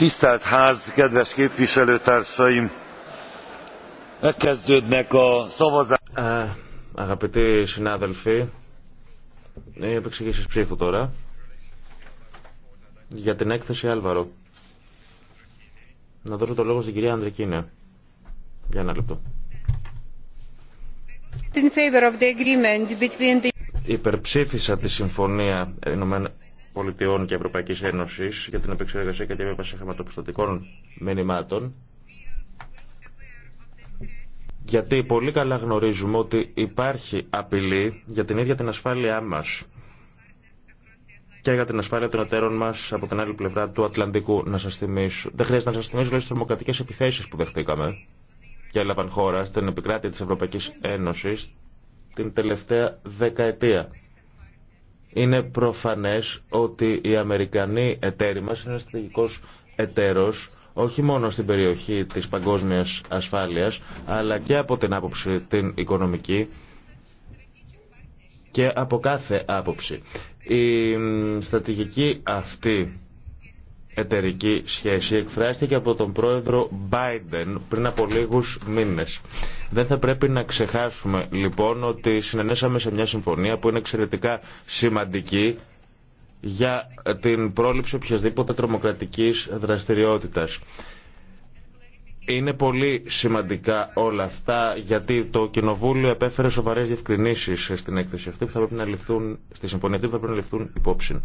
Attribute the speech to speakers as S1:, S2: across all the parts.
S1: Tisztelt Ház, kedves képviselőtársaim! Megkezdődnek a szavazás. Αγαπητοί συνάδελφοι, οι επεξηγήσεις ψήφου τώρα για την έκθεση Άλβαρο. Να δώσω το λόγο στην κυρία Ανδρικίνε. Για ένα λεπτό.
S2: In favor of the agreement between the...
S1: Υπερψήφισα τη συμφωνία Πολιτειών και Ευρωπαϊκή Ένωση, για την επεξεργασία και διαβίβαση χρηματοπιστωτικών μηνυμάτων γιατί πολύ καλά γνωρίζουμε ότι υπάρχει απειλή για την ίδια την ασφάλειά μα και για την ασφάλεια των εταίρων μα από την άλλη πλευρά του Ατλαντικού. Να σα θυμίσω. Δεν χρειάζεται να σα θυμίσω τι θερμοκρατικέ επιθέσει που δεχτήκαμε και έλαβαν χώρα στην επικράτεια τη Ευρωπαϊκή Ένωση την τελευταία δεκαετία. Είναι προφανές ότι οι Αμερικανοί εταίροι μας είναι στρατηγικός εταίρος όχι μόνο στην περιοχή της παγκόσμιας ασφάλειας αλλά και από την άποψη την οικονομική και από κάθε άποψη. Η στρατηγική αυτή εταιρική σχέση εκφράστηκε από τον πρόεδρο Biden πριν από λίγους μήνες. Δεν θα πρέπει να ξεχάσουμε λοιπόν ότι συνενέσαμε σε μια συμφωνία που είναι εξαιρετικά σημαντική για την πρόληψη οποιασδήποτε τρομοκρατικής δραστηριότητας. Είναι πολύ σημαντικά όλα αυτά γιατί το Κοινοβούλιο επέφερε σοβαρές διευκρινήσεις στην έκθεση αυτή που θα πρέπει να ληφθούν, στη συμφωνία αυτή που θα πρέπει να ληφθούν υπόψη.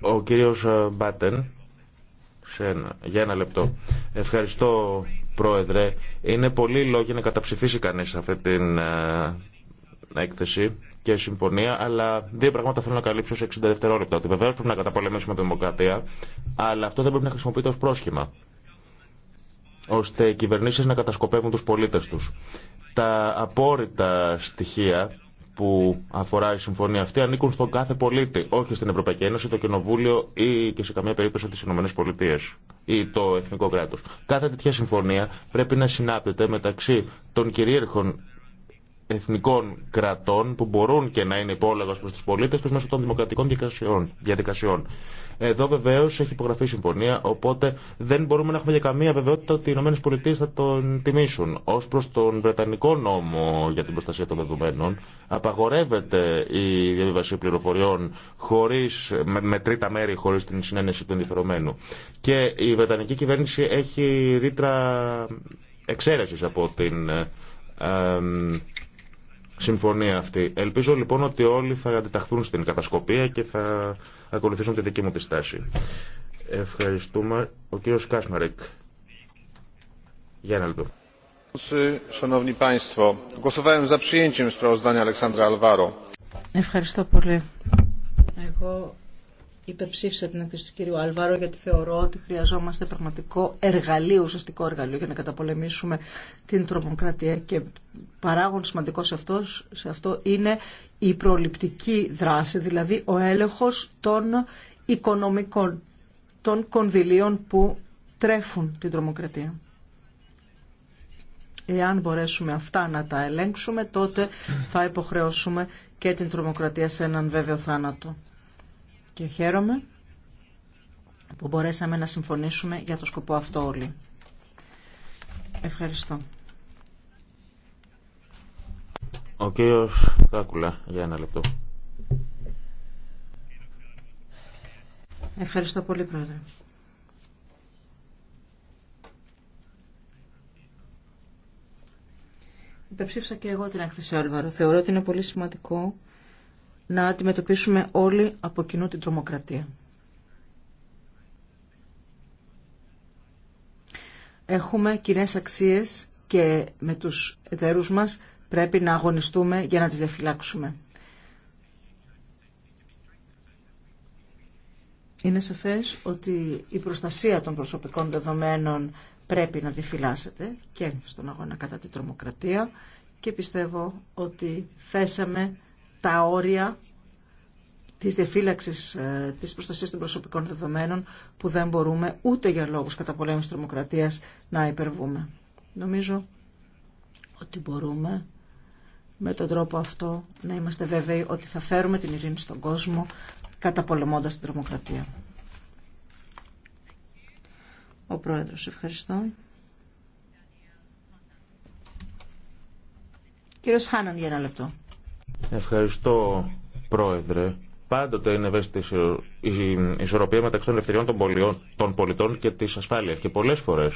S1: Ο κύριος Μπάτεν σε ένα, για ένα λεπτό. Ευχαριστώ, Πρόεδρε. Είναι πολλοί λόγοι να καταψηφίσει κανείς αυτή την ε, έκθεση και συμφωνία, αλλά δύο πράγματα θέλω να καλύψω σε 60 δευτερόλεπτα. Ότι βεβαίω πρέπει να καταπολεμήσουμε τη δημοκρατία, αλλά αυτό δεν πρέπει να χρησιμοποιείται ως πρόσχημα ώστε οι κυβερνήσεις να κατασκοπεύουν τους πολίτες τους. Τα απόρριτα στοιχεία που αφορά η συμφωνία αυτή ανήκουν στον κάθε πολίτη, όχι στην Ευρωπαϊκή Ένωση, το Κοινοβούλιο ή και σε καμία περίπτωση τι Πολιτείε ή το Εθνικό Κράτο. Κάθε τέτοια συμφωνία πρέπει να συνάπτεται μεταξύ των κυρίαρχων εθνικών κρατών που μπορούν και να είναι υπόλογα προ του πολίτε του μέσω των δημοκρατικών διαδικασιών. Εδώ βεβαίω έχει υπογραφεί συμφωνία, οπότε δεν μπορούμε να έχουμε για καμία βεβαιότητα ότι οι ΗΠΑ θα τον τιμήσουν. Ω προ τον Βρετανικό νόμο για την προστασία των δεδομένων, απαγορεύεται η διαβίβαση πληροφοριών χωρίς, με, τρίτα μέρη χωρί την συνένεση του ενδιαφερομένου. Και η Βρετανική κυβέρνηση έχει ρήτρα εξαίρεση από την. Ε, ε, συμφωνία αυτή. Ελπίζω λοιπόν ότι όλοι θα αντιταχθούν στην κατασκοπία και θα ακολουθήσουν τη δική μου τη στάση. Ευχαριστούμε. Ο κύριος Κάσμαρεκ. Για ένα λεπτό.
S3: Ευχαριστώ πολύ. Εγώ υπερψήφισα την έκθεση του κύριου Αλβάρο γιατί θεωρώ ότι χρειαζόμαστε πραγματικό εργαλείο, ουσιαστικό εργαλείο για να καταπολεμήσουμε την τρομοκρατία και παράγον σημαντικό σε αυτό, είναι η προληπτική δράση, δηλαδή ο έλεγχος των οικονομικών, των κονδυλίων που τρέφουν την τρομοκρατία. Εάν μπορέσουμε αυτά να τα ελέγξουμε, τότε θα υποχρεώσουμε και την τρομοκρατία σε έναν βέβαιο θάνατο. Και χαίρομαι που μπορέσαμε να συμφωνήσουμε για το σκοπό αυτό όλοι. Ευχαριστώ.
S1: Ο κύριος Κάκουλα, για ένα λεπτό.
S3: Ευχαριστώ πολύ, Πρόεδρε. Υπερψήφισα και εγώ την έκθεση Όλβαρο. Θεωρώ ότι είναι πολύ σημαντικό να αντιμετωπίσουμε όλοι από κοινού την τρομοκρατία. Έχουμε κοινέ αξίες και με τους εταίρους μας πρέπει να αγωνιστούμε για να τις διαφυλάξουμε. Είναι σαφές ότι η προστασία των προσωπικών δεδομένων πρέπει να τη φυλάσετε και στον αγώνα κατά την τρομοκρατία και πιστεύω ότι θέσαμε τα όρια της διαφύλαξης ε, της προστασίας των προσωπικών δεδομένων που δεν μπορούμε ούτε για λόγους καταπολέμησης τρομοκρατίας να υπερβούμε. Νομίζω ότι μπορούμε με τον τρόπο αυτό να είμαστε βέβαιοι ότι θα φέρουμε την ειρήνη στον κόσμο καταπολεμώντας την τρομοκρατία. Ο Πρόεδρος, ευχαριστώ. Κύριος Χάναν για ένα λεπτό.
S1: Ευχαριστώ, Πρόεδρε. Πάντοτε είναι ευαίσθητη η ισορροπία μεταξύ των ελευθεριών των, πολιών, των πολιτών και τη ασφάλεια. Και πολλέ φορέ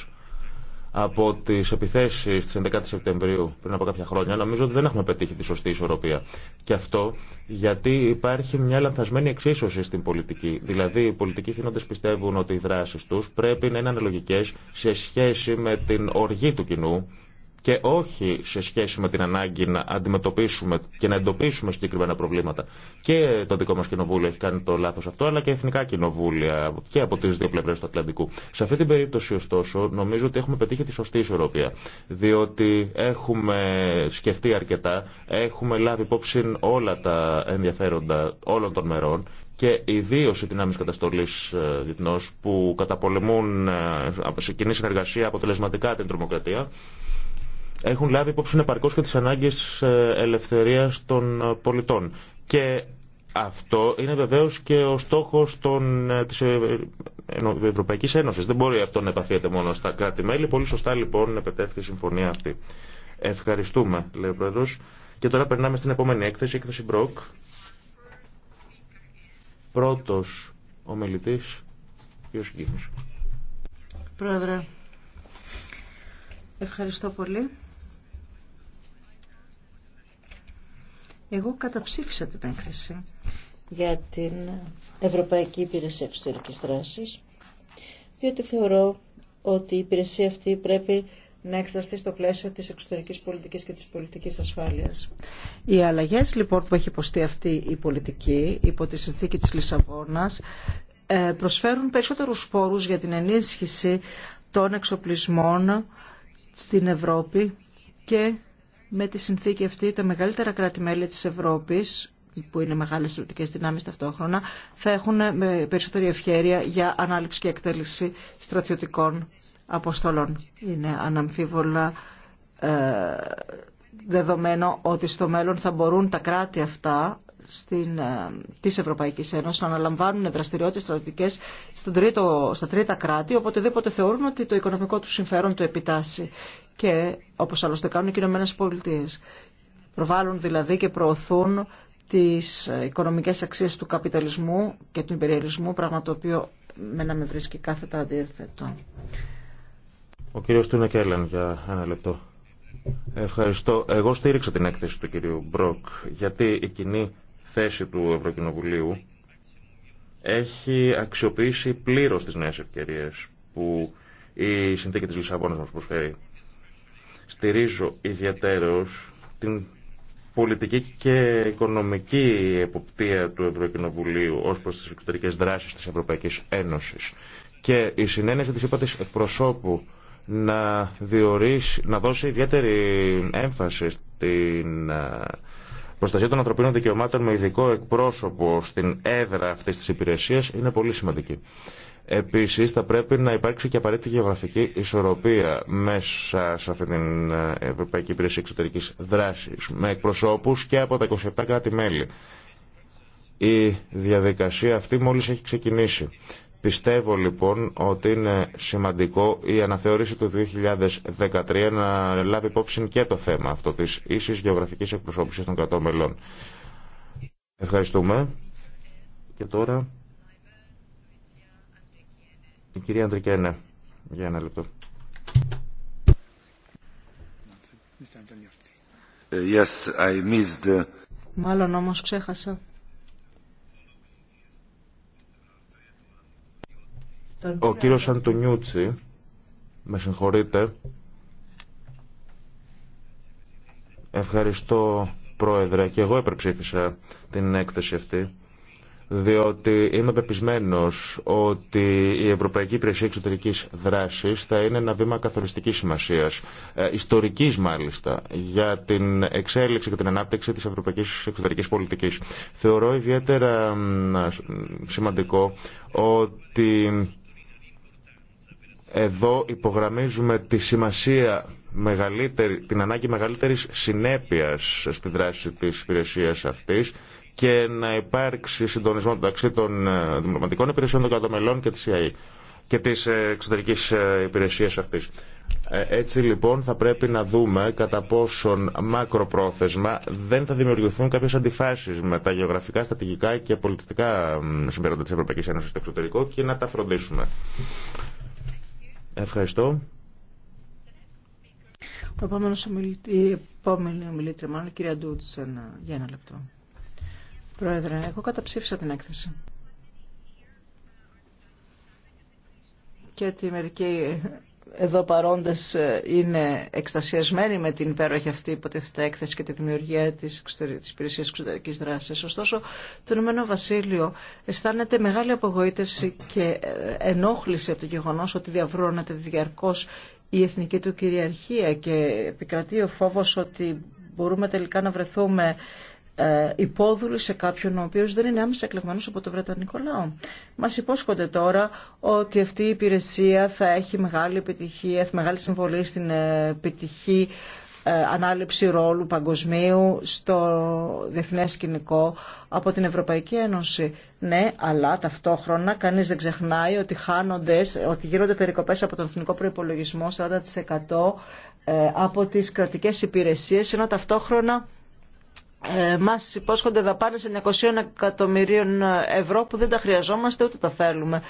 S1: από τι επιθέσει τη 11η Σεπτεμβρίου πριν από κάποια χρόνια, νομίζω ότι δεν έχουμε πετύχει τη σωστή ισορροπία. Και αυτό γιατί υπάρχει μια λανθασμένη εξίσωση στην πολιτική. Δηλαδή, οι πολιτικοί θύνοντε πιστεύουν ότι οι δράσει του πρέπει να είναι αναλογικέ σε σχέση με την οργή του κοινού και όχι σε σχέση με την ανάγκη να αντιμετωπίσουμε και να εντοπίσουμε συγκεκριμένα προβλήματα. Και το δικό μα κοινοβούλιο έχει κάνει το λάθο αυτό, αλλά και εθνικά κοινοβούλια και από τι δύο πλευρέ του Ατλαντικού. Σε αυτή την περίπτωση, ωστόσο, νομίζω ότι έχουμε πετύχει τη σωστή ισορροπία. Διότι έχουμε σκεφτεί αρκετά, έχουμε λάβει υπόψη όλα τα ενδιαφέροντα όλων των μερών και ιδίω οι δυνάμει καταστολή ε, διεθνώ που καταπολεμούν ε, σε κοινή συνεργασία αποτελεσματικά την τρομοκρατία έχουν λάβει υπόψη επαρκώς και τις ανάγκες ε, ελευθερίας των ε, πολιτών. Και αυτό είναι βεβαίω και ο στόχο ε, τη Ευρωπαϊκή Ένωση. Δεν μπορεί αυτό να επαφείται μόνο στα κράτη-μέλη. Πολύ σωστά λοιπόν επετέφθη η συμφωνία αυτή. Ευχαριστούμε, λέει ο Πρόεδρο. Και τώρα περνάμε στην επόμενη έκθεση, έκθεση Μπροκ. Πρώτο ομιλητή, κ.
S3: Πρόεδρε, ευχαριστώ πολύ. Εγώ καταψήφισα την έκθεση για την Ευρωπαϊκή Υπηρεσία Εξωτερικής Δράσης, διότι θεωρώ ότι η υπηρεσία αυτή πρέπει να εξασθεί στο πλαίσιο της εξωτερικής πολιτικής και της πολιτικής ασφάλειας. Οι αλλαγές λοιπόν που έχει υποστεί αυτή η πολιτική υπό τη συνθήκη της Λισαβόνας ε, προσφέρουν περισσότερους σπόρους για την ενίσχυση των εξοπλισμών στην Ευρώπη και με τη συνθήκη αυτή τα μεγαλύτερα κράτη-μέλη της Ευρώπης που είναι μεγάλες στρατιωτικές δυνάμεις ταυτόχρονα, θα έχουν ε, περισσότερη ευχέρεια για ανάληψη και εκτέλεση στρατιωτικών αποστολών. Είναι αναμφίβολα ε, δεδομένο ότι στο μέλλον θα μπορούν τα κράτη αυτά τη ε, της Ευρωπαϊκής Ένωσης να αναλαμβάνουν δραστηριότητες στρατιωτικές στα τρίτα κράτη, οποτεδήποτε θεωρούν ότι το οικονομικό του συμφέρον το επιτάσσει. Και όπως άλλωστε κάνουν οι ΗΠΑ Πολιτείες. Προβάλλουν δηλαδή και προωθούν τις οικονομικές αξίες του καπιταλισμού και του υπεριαλισμού, πράγμα το οποίο με να με βρίσκει κάθετα αντίθετο.
S1: Ο κύριος για ένα λεπτό. Ευχαριστώ. Εγώ στήριξα την έκθεση του κυρίου Μπροκ, γιατί η κοινή θέση του Ευρωκοινοβουλίου έχει αξιοποιήσει πλήρως τις νέες ευκαιρίες που η συνθήκη της Λισαβόνας μας προσφέρει. Στηρίζω ιδιαίτερως την πολιτική και οικονομική εποπτεία του Ευρωκοινοβουλίου ως προς τις εξωτερικές δράσεις της Ευρωπαϊκής Ένωσης και η συνένεση της είπα εκπροσώπου να, να δώσει ιδιαίτερη έμφαση στην ε, προστασία των ανθρωπίνων δικαιωμάτων με ειδικό εκπρόσωπο στην έδρα αυτή τη υπηρεσία είναι πολύ σημαντική. Επίση, θα πρέπει να υπάρξει και απαραίτητη γεωγραφική ισορροπία μέσα σε αυτή την ε, Ευρωπαϊκή Υπηρεσία Εξωτερική Δράση, με εκπροσώπου και από τα 27 κράτη-μέλη. Η διαδικασία αυτή μόλις έχει ξεκινήσει. Πιστεύω λοιπόν ότι είναι σημαντικό η αναθεώρηση του 2013 να λάβει υπόψη και το θέμα αυτό της ίσης γεωγραφικής εκπροσώπησης των κρατών μελών. Ευχαριστούμε. Και τώρα η κυρία Αντρικένε για ένα λεπτό. Yes, I missed...
S3: Μάλλον όμως ξέχασα
S1: Ο κύριος Αντωνιούτσι, με συγχωρείτε. Ευχαριστώ, Πρόεδρε, και εγώ υπερψήφισα την έκθεση αυτή διότι είμαι πεπισμένος ότι η Ευρωπαϊκή Υπηρεσία Εξωτερικής Δράσης θα είναι ένα βήμα καθοριστικής σημασίας, ε, ιστορικής μάλιστα, για την εξέλιξη και την ανάπτυξη της Ευρωπαϊκής Εξωτερικής Πολιτικής. Θεωρώ ιδιαίτερα σημαντικό ότι εδώ υπογραμμίζουμε τη σημασία μεγαλύτερη, την ανάγκη μεγαλύτερης συνέπειας στη δράση της υπηρεσία αυτής και να υπάρξει συντονισμό μεταξύ των ε, δημοκρατικών υπηρεσιών των κατομελών και της ΙΑΗ και της ε, εξωτερικής ε, υπηρεσίας αυτής. Έτσι λοιπόν θα πρέπει να δούμε κατά πόσον μακροπρόθεσμα δεν θα δημιουργηθούν κάποιες αντιφάσεις με τα γεωγραφικά, στατηγικά και πολιτιστικά συμπέροντα της Ευρωπαϊκής Ένωσης στο εξωτερικό και να τα φροντίσουμε. Ευχαριστώ.
S3: Ο επόμενο ομιλητή, η επόμενη ομιλήτρια, μάλλον η κυρία Ντούτσεν, για ένα λεπτό. Πρόεδρε, εγώ καταψήφισα την έκθεση. Και τη μερική εδώ παρόντες ε, είναι εκστασιασμένοι με την υπέροχη αυτή υποτίθεται έκθεση και τη δημιουργία της, της υπηρεσία εξωτερικής δράσης. Ωστόσο, το Ηνωμένο Βασίλειο αισθάνεται μεγάλη απογοήτευση και ε, ενόχληση από το γεγονός ότι διαβρώνεται διαρκώς η εθνική του κυριαρχία και επικρατεί ο φόβος ότι μπορούμε τελικά να βρεθούμε ε, υπόδουλοι σε κάποιον ο οποίος δεν είναι άμεσα εκλεγμένος από τον Βρετανικό λαό. Μας υπόσχονται τώρα ότι αυτή η υπηρεσία θα έχει μεγάλη επιτυχία, μεγάλη συμβολή στην ε, επιτυχή ε, ανάληψη ρόλου παγκοσμίου στο διεθνέ σκηνικό από την Ευρωπαϊκή Ένωση. Ναι, αλλά ταυτόχρονα κανείς δεν ξεχνάει ότι χάνονται, ότι γίνονται περικοπές από τον εθνικό προϋπολογισμό 40% από τις κρατικές υπηρεσίες, ενώ ταυτόχρονα ε, μας υπόσχονται δαπάνες 900 εκατομμυρίων ευρώ που δεν τα χρειαζόμαστε ούτε τα θέλουμε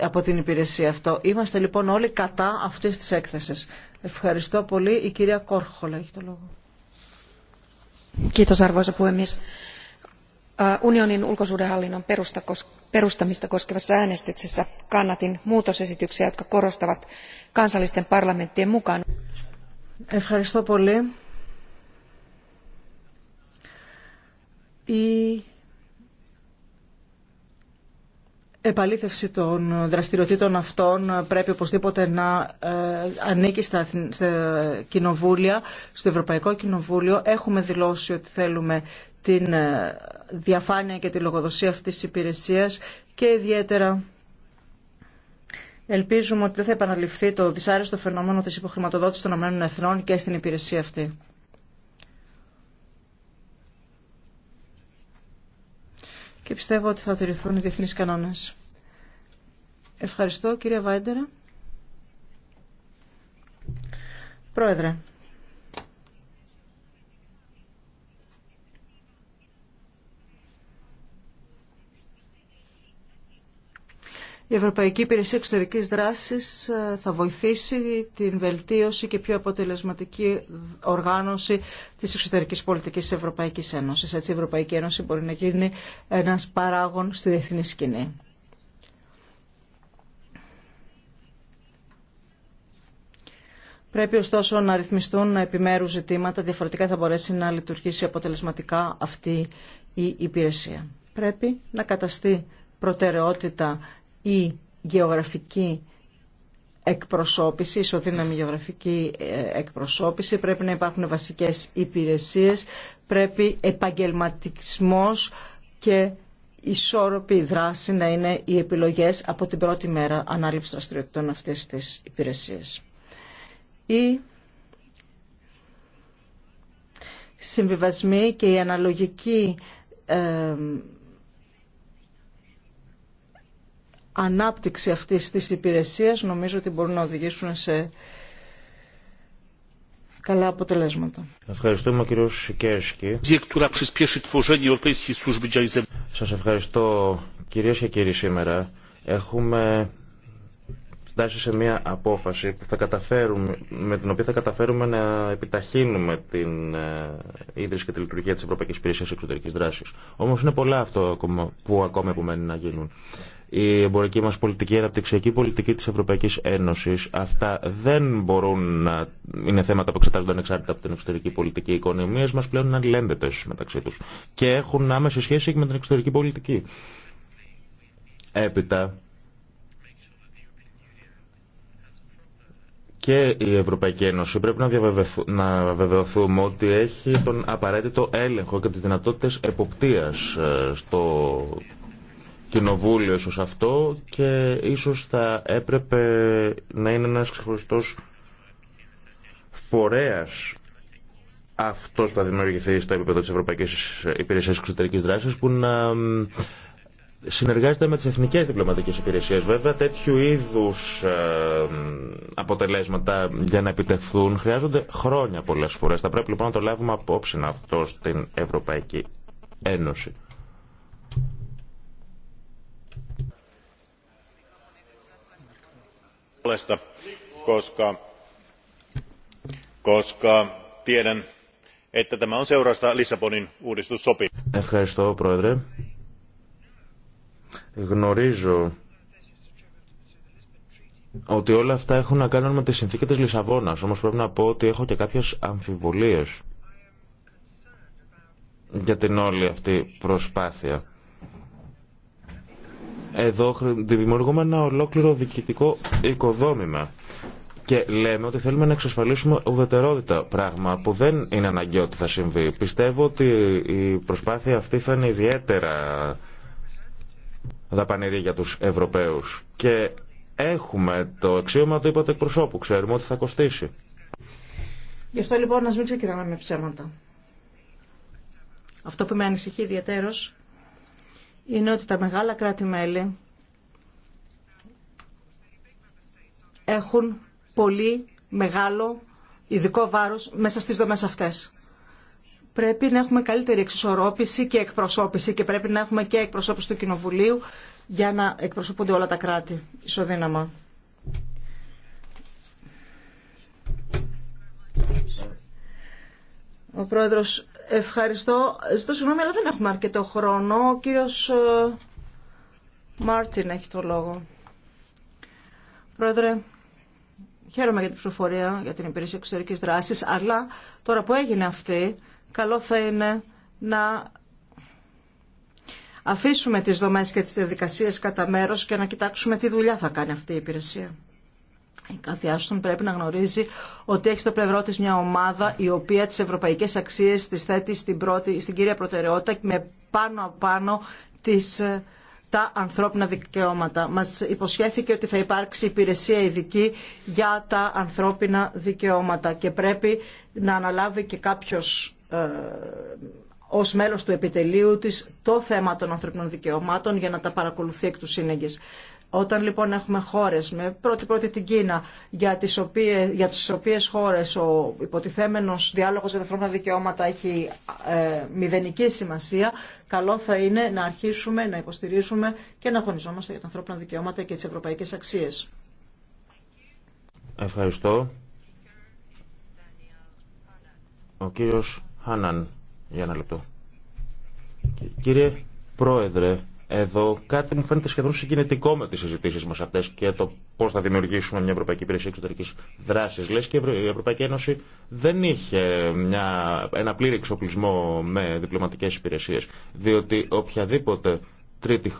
S3: από την υπηρεσία αυτό. Είμαστε λοιπόν όλοι κατά αυτής της έκθεσης. Ευχαριστώ πολύ. Η κυρία Κόρχολα έχει το λόγο. Kiitos arvoisa puhemies. Ε, unionin ulkosuhdehallinnon perustamista koskevassa äänestyksessä kannatin muutosesityksiä, jotka korostavat kansallisten parlamenttien mukaan. Ευχαριστώ πολύ η επαλήθευση των δραστηριοτήτων αυτών πρέπει οπωσδήποτε να ε, ανήκει στα, κοινοβούλια, στο Ευρωπαϊκό Κοινοβούλιο. Έχουμε δηλώσει ότι θέλουμε την ε, διαφάνεια και τη λογοδοσία αυτής της υπηρεσίας και ιδιαίτερα ελπίζουμε ότι δεν θα επαναληφθεί το δυσάρεστο φαινόμενο της υποχρηματοδότησης των ΗΕ και στην υπηρεσία αυτή. και πιστεύω ότι θα τηρηθούν οι διεθνείς κανόνες. Ευχαριστώ, κυρία Βάιντερα. Πρόεδρε, Η Ευρωπαϊκή Υπηρεσία Εξωτερικής Δράσης ε, θα βοηθήσει την βελτίωση και πιο αποτελεσματική οργάνωση της εξωτερικής πολιτικής της Ευρωπαϊκής Ένωσης. Έτσι η Ευρωπαϊκή Ένωση μπορεί να γίνει ένας παράγων στη διεθνή σκηνή. Πρέπει ωστόσο να ρυθμιστούν επιμέρους ζητήματα, διαφορετικά θα μπορέσει να λειτουργήσει αποτελεσματικά αυτή η υπηρεσία. Πρέπει να καταστεί προτεραιότητα η γεωγραφική εκπροσώπηση, ισοδύναμη γεωγραφική ε, εκπροσώπηση, πρέπει να υπάρχουν βασικές υπηρεσίες, πρέπει επαγγελματισμός και ισόρροπη δράση να είναι οι επιλογές από την πρώτη μέρα ανάληψης δραστηριοτήτων αυτές της υπηρεσίας. Η συμβιβασμοί και η αναλογική ε, ανάπτυξη αυτής της υπηρεσίας νομίζω ότι μπορούν να οδηγήσουν σε καλά αποτελέσματα.
S1: Ευχαριστούμε κύριο Σας ευχαριστώ κυρίες και κύριοι σήμερα. Έχουμε φτάσει σε μια απόφαση που θα καταφέρουμε, με την οποία θα καταφέρουμε να επιταχύνουμε την ε, ίδρυση και τη λειτουργία της Ευρωπαϊκής Υπηρεσίας Εξωτερικής Δράσης. Όμως είναι πολλά αυτό που ακόμα επομένει να γίνουν. Η εμπορική μας πολιτική, η αναπτυξιακή πολιτική της Ευρωπαϊκής Ένωσης, αυτά δεν μπορούν να είναι θέματα που εξετάζονται ανεξάρτητα από την εξωτερική πολιτική. Οι οικονομίες μας πλέον είναι αλληλένδετες μεταξύ τους και έχουν άμεση σχέση και με την εξωτερική πολιτική. Έπειτα, και η Ευρωπαϊκή Ένωση πρέπει να, να βεβαιωθούμε ότι έχει τον απαραίτητο έλεγχο και τις δυνατότητες εποπτείας ε, στο κοινοβούλιο ίσως αυτό και ίσως θα έπρεπε να είναι ένας ξεχωριστός φορέας αυτός που θα δημιουργηθεί στο επίπεδο της Ευρωπαϊκής Υπηρεσίας Εξωτερικής Δράσης που να συνεργάζεται με τις εθνικές διπλωματικές υπηρεσίες. Βέβαια τέτοιου είδους ε, αποτελέσματα για να επιτευχθούν χρειάζονται χρόνια πολλές φορές. Θα πρέπει λοιπόν να το λάβουμε απόψη αυτό στην Ευρωπαϊκή Ένωση. Ευχαριστώ, Πρόεδρε. Γνωρίζω ότι όλα αυτά έχουν να κάνουν με τις συνθήκες της Λισαβόνας, όμως πρέπει να πω ότι έχω και κάποιες αμφιβολίες για την όλη αυτή προσπάθεια. Εδώ δημιουργούμε ένα ολόκληρο διοικητικό οικοδόμημα και λέμε ότι θέλουμε να εξασφαλίσουμε ουδετερότητα, πράγμα που δεν είναι αναγκαίο ότι θα συμβεί. Πιστεύω ότι η προσπάθεια αυτή θα είναι ιδιαίτερα δαπανηρή για τους Ευρωπαίους. Και έχουμε το αξίωμα του είπατε εκπροσώπου, ξέρουμε ότι θα κοστίσει.
S3: Γι' αυτό λοιπόν να μην ξεκινάμε με ψέματα. Αυτό που με ανησυχεί ιδιαίτερο είναι ότι τα μεγάλα κράτη-μέλη έχουν πολύ μεγάλο ειδικό βάρος μέσα στις δομές αυτές πρέπει να έχουμε καλύτερη εξισορρόπηση και εκπροσώπηση και πρέπει να έχουμε και εκπροσώπηση του Κοινοβουλίου για να εκπροσωπούνται όλα τα κράτη ισοδύναμα. Ο Πρόεδρος, ευχαριστώ. Ζητώ συγγνώμη, αλλά δεν έχουμε αρκετό χρόνο. Ο κύριος ε, Μάρτιν έχει το λόγο. Πρόεδρε, χαίρομαι για την ψηφοφορία, για την υπηρεσία εξωτερικής δράσης, αλλά τώρα που έγινε αυτή, καλό θα είναι να αφήσουμε τις δομές και τις διαδικασίες κατά μέρο και να κοιτάξουμε τι δουλειά θα κάνει αυτή η υπηρεσία. Η κάθε Άστον πρέπει να γνωρίζει ότι έχει στο πλευρό της μια ομάδα η οποία τις ευρωπαϊκές αξίες τις θέτει στην, στην κύρια προτεραιότητα με πάνω απάνω τις, ε, τα ανθρώπινα δικαιώματα. Μας υποσχέθηκε ότι θα υπάρξει υπηρεσία ειδική για τα ανθρώπινα δικαιώματα και πρέπει να αναλάβει και κάποιος ε, ως μέλος του επιτελείου της το θέμα των ανθρωπινών δικαιωμάτων για να τα παρακολουθεί εκ του σύνεγγης. Όταν λοιπόν έχουμε χώρες, με πρώτη-πρώτη την Κίνα, για τις, οποίες, για τις οποίες χώρες ο υποτιθέμενος διάλογος για τα ανθρώπινα δικαιώματα έχει ε, μηδενική σημασία, καλό θα είναι να αρχίσουμε, να υποστηρίζουμε και να αγωνιζόμαστε για τα ανθρώπινα δικαιώματα και τις ευρωπαϊκές αξίες.
S1: Ευχαριστώ. Ο κύριος Χάναν, για ένα λεπτό. Κύριε Πρόεδρε, εδώ κάτι μου φαίνεται σχεδόν συγκινητικό με τι συζητήσει μα αυτέ και το πώ θα δημιουργήσουμε μια Ευρωπαϊκή Υπηρεσία Εξωτερική Δράση. Λε και η Ευρωπαϊκή Ένωση δεν είχε μια, ένα πλήρη εξοπλισμό με διπλωματικέ υπηρεσίε. Διότι οποιαδήποτε τρίτη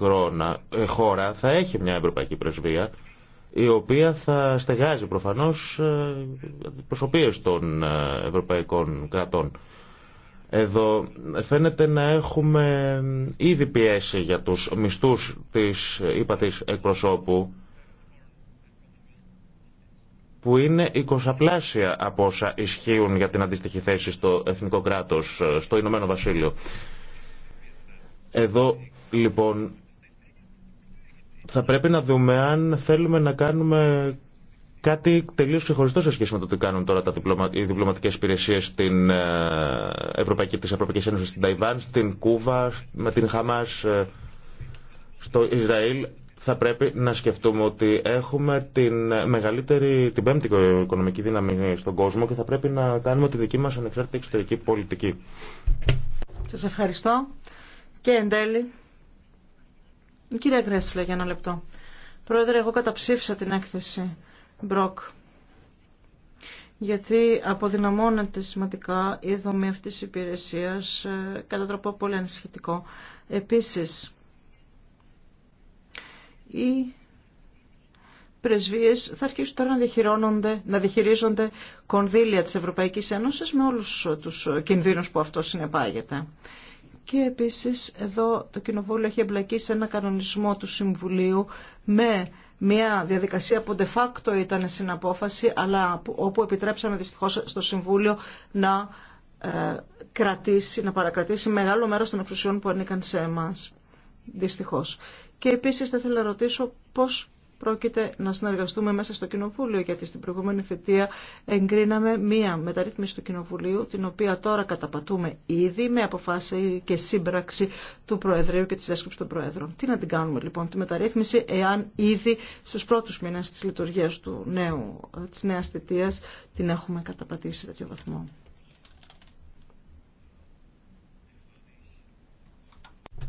S1: ε, χώρα θα έχει μια Ευρωπαϊκή Πρεσβεία η οποία θα στεγάζει προφανώς ε, προσωπίες των ε, ευρωπαϊκών κρατών. Εδώ φαίνεται να έχουμε ήδη πιέσει για τους μισθούς της είπα εκπροσώπου που είναι 20 πλάσια από όσα ισχύουν για την αντίστοιχη θέση στο εθνικό κράτος, στο Ηνωμένο Βασίλειο. Εδώ λοιπόν θα πρέπει να δούμε αν θέλουμε να κάνουμε Κάτι τελείω ξεχωριστό σε σχέση με το τι κάνουν τώρα τα διπλωμα... οι διπλωματικέ υπηρεσίε στην ε, Ευρωπαϊκή... τη Ευρωπαϊκή Ένωση, στην Ταϊβάν, στην Κούβα, με την Χαμά, ε, στο Ισραήλ. Θα πρέπει να σκεφτούμε ότι έχουμε την μεγαλύτερη, την πέμπτη οικονομική δύναμη στον κόσμο και θα πρέπει να κάνουμε τη δική μα ανεξάρτητη εξωτερική πολιτική.
S3: Σα ευχαριστώ. Και εν τέλει, η κυρία Γκρέσλε για ένα λεπτό. Πρόεδρε, εγώ καταψήφισα την έκθεση Μπροκ. Γιατί αποδυναμώνεται σημαντικά η δομή αυτής της υπηρεσίας ε, κατά τρόπο πολύ ανησυχητικό. Επίσης, οι πρεσβείες θα αρχίσουν τώρα να, διαχειρώνονται, να διαχειρίζονται κονδύλια της Ευρωπαϊκής Ένωσης με όλους τους κινδύνους που αυτό συνεπάγεται. Και επίσης εδώ το Κοινοβούλιο έχει εμπλακεί σε ένα κανονισμό του Συμβουλίου με μια διαδικασία που de facto ήταν συναπόφαση, αλλά όπου επιτρέψαμε δυστυχώς στο Συμβούλιο να ε, κρατήσει, να παρακρατήσει μεγάλο μέρος των εξουσιών που ανήκαν σε εμάς. Δυστυχώς. Και επίσης θα ήθελα να ρωτήσω πώς πρόκειται να συνεργαστούμε μέσα στο Κοινοβούλιο, γιατί στην προηγούμενη θετία εγκρίναμε μία μεταρρύθμιση του Κοινοβουλίου, την οποία τώρα καταπατούμε ήδη με αποφάση και σύμπραξη του Προεδρείου και τη δέσκεψη των Προέδρων. Τι να την κάνουμε λοιπόν, τη μεταρρύθμιση, εάν ήδη στου πρώτου μήνε τη λειτουργία τη νέα θητεία την έχουμε καταπατήσει σε τέτοιο βαθμό.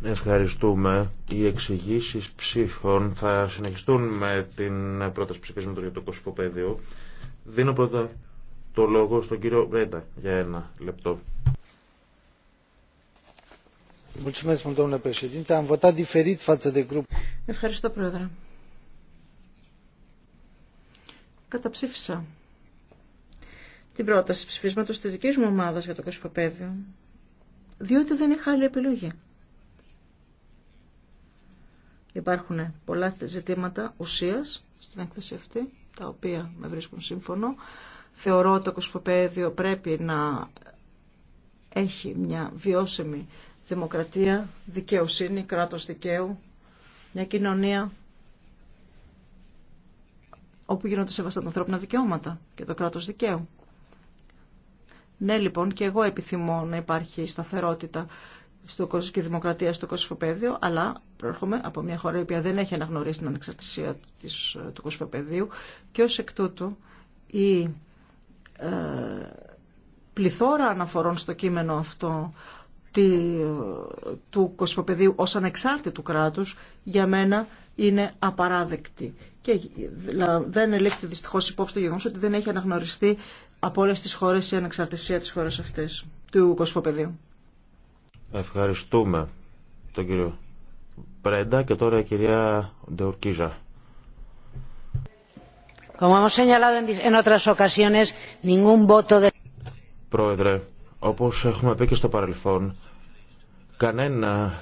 S1: Ευχαριστούμε. Οι εξηγήσει ψήφων θα συνεχιστούν με την πρόταση ψηφίσματο για το κοσυφοπαίδιο. Δίνω πρώτα το λόγο στον κύριο Ρέντα για ένα λεπτό.
S3: Ευχαριστώ, Πρόεδρε. Καταψήφισα την πρόταση ψηφίσματος της δικής μου ομάδας για το κοσυφοπαίδιο, διότι δεν είχα άλλη επιλογή. Υπάρχουν πολλά ζητήματα ουσίας στην έκθεση αυτή, τα οποία με βρίσκουν σύμφωνο. Θεωρώ ότι το κοσμοπέδιο πρέπει να έχει μια βιώσιμη δημοκρατία, δικαιοσύνη, κράτος δικαίου, μια κοινωνία όπου γίνονται σεβαστά τα ανθρώπινα δικαιώματα και το κράτος δικαίου. Ναι, λοιπόν, και εγώ επιθυμώ να υπάρχει σταθερότητα στο και δημοκρατία στο Κωσυφοπαίδιο, αλλά προέρχομαι από μια χώρα η οποία δεν έχει αναγνωρίσει την ανεξαρτησία της, ε, του Κωσυφοπαιδίου και ως εκ τούτου η ε, πληθώρα αναφορών στο κείμενο αυτό τη, του Κωσυφοπαιδίου ως ανεξάρτητου κράτους για μένα είναι απαράδεκτη. Και δεν ελέγχεται δυστυχώ υπόψη το γεγονό ότι δεν έχει αναγνωριστεί από όλε τι χώρε η ανεξαρτησία τη χώρα αυτής του κοσφοπεδίου.
S1: Ευχαριστούμε τον κύριο Πρέντα και τώρα η κυρία Ντεορκίζα. Πρόεδρε, όπως έχουμε πει και στο παρελθόν, κανένα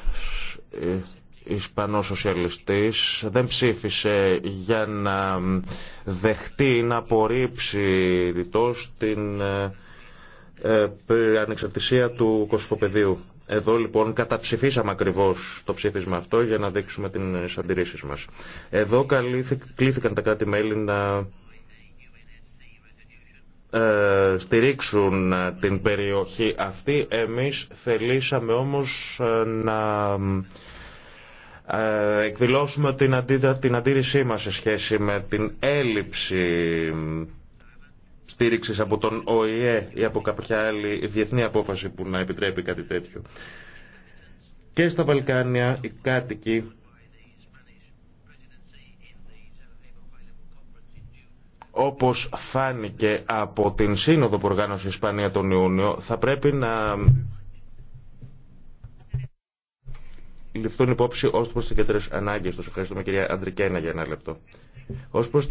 S1: ε, Ισπανός σοσιαλιστής δεν ψήφισε για να δεχτεί ή να απορρίψει ρητός την ε, ε, ανεξαρτησία του κοσφοπεδίου. Εδώ λοιπόν καταψηφίσαμε ακριβώ το ψήφισμα αυτό για να δείξουμε ε, τι αντιρρήσει μα. Εδώ κλήθηκαν τα κράτη-μέλη να ε, στηρίξουν ε, την περιοχή αυτή. Εμείς θελήσαμε όμως να εκδηλώσουμε την, αντί, την αντίρρησή μας σε σχέση με την έλλειψη Στήριξη από τον ΟΗΕ ή από κάποια άλλη διεθνή απόφαση που να επιτρέπει κάτι τέτοιο. Και στα Βαλκάνια οι κάτοικοι όπως φάνηκε από την σύνοδο που οργάνωσε η Ισπανία τον Ιούνιο, θα πρέπει να ληφθούν υπόψη ως προς τις κέντρες ανάγκες. Τους ευχαριστούμε κυρία Αντρικένα για ένα λεπτό. Ω προ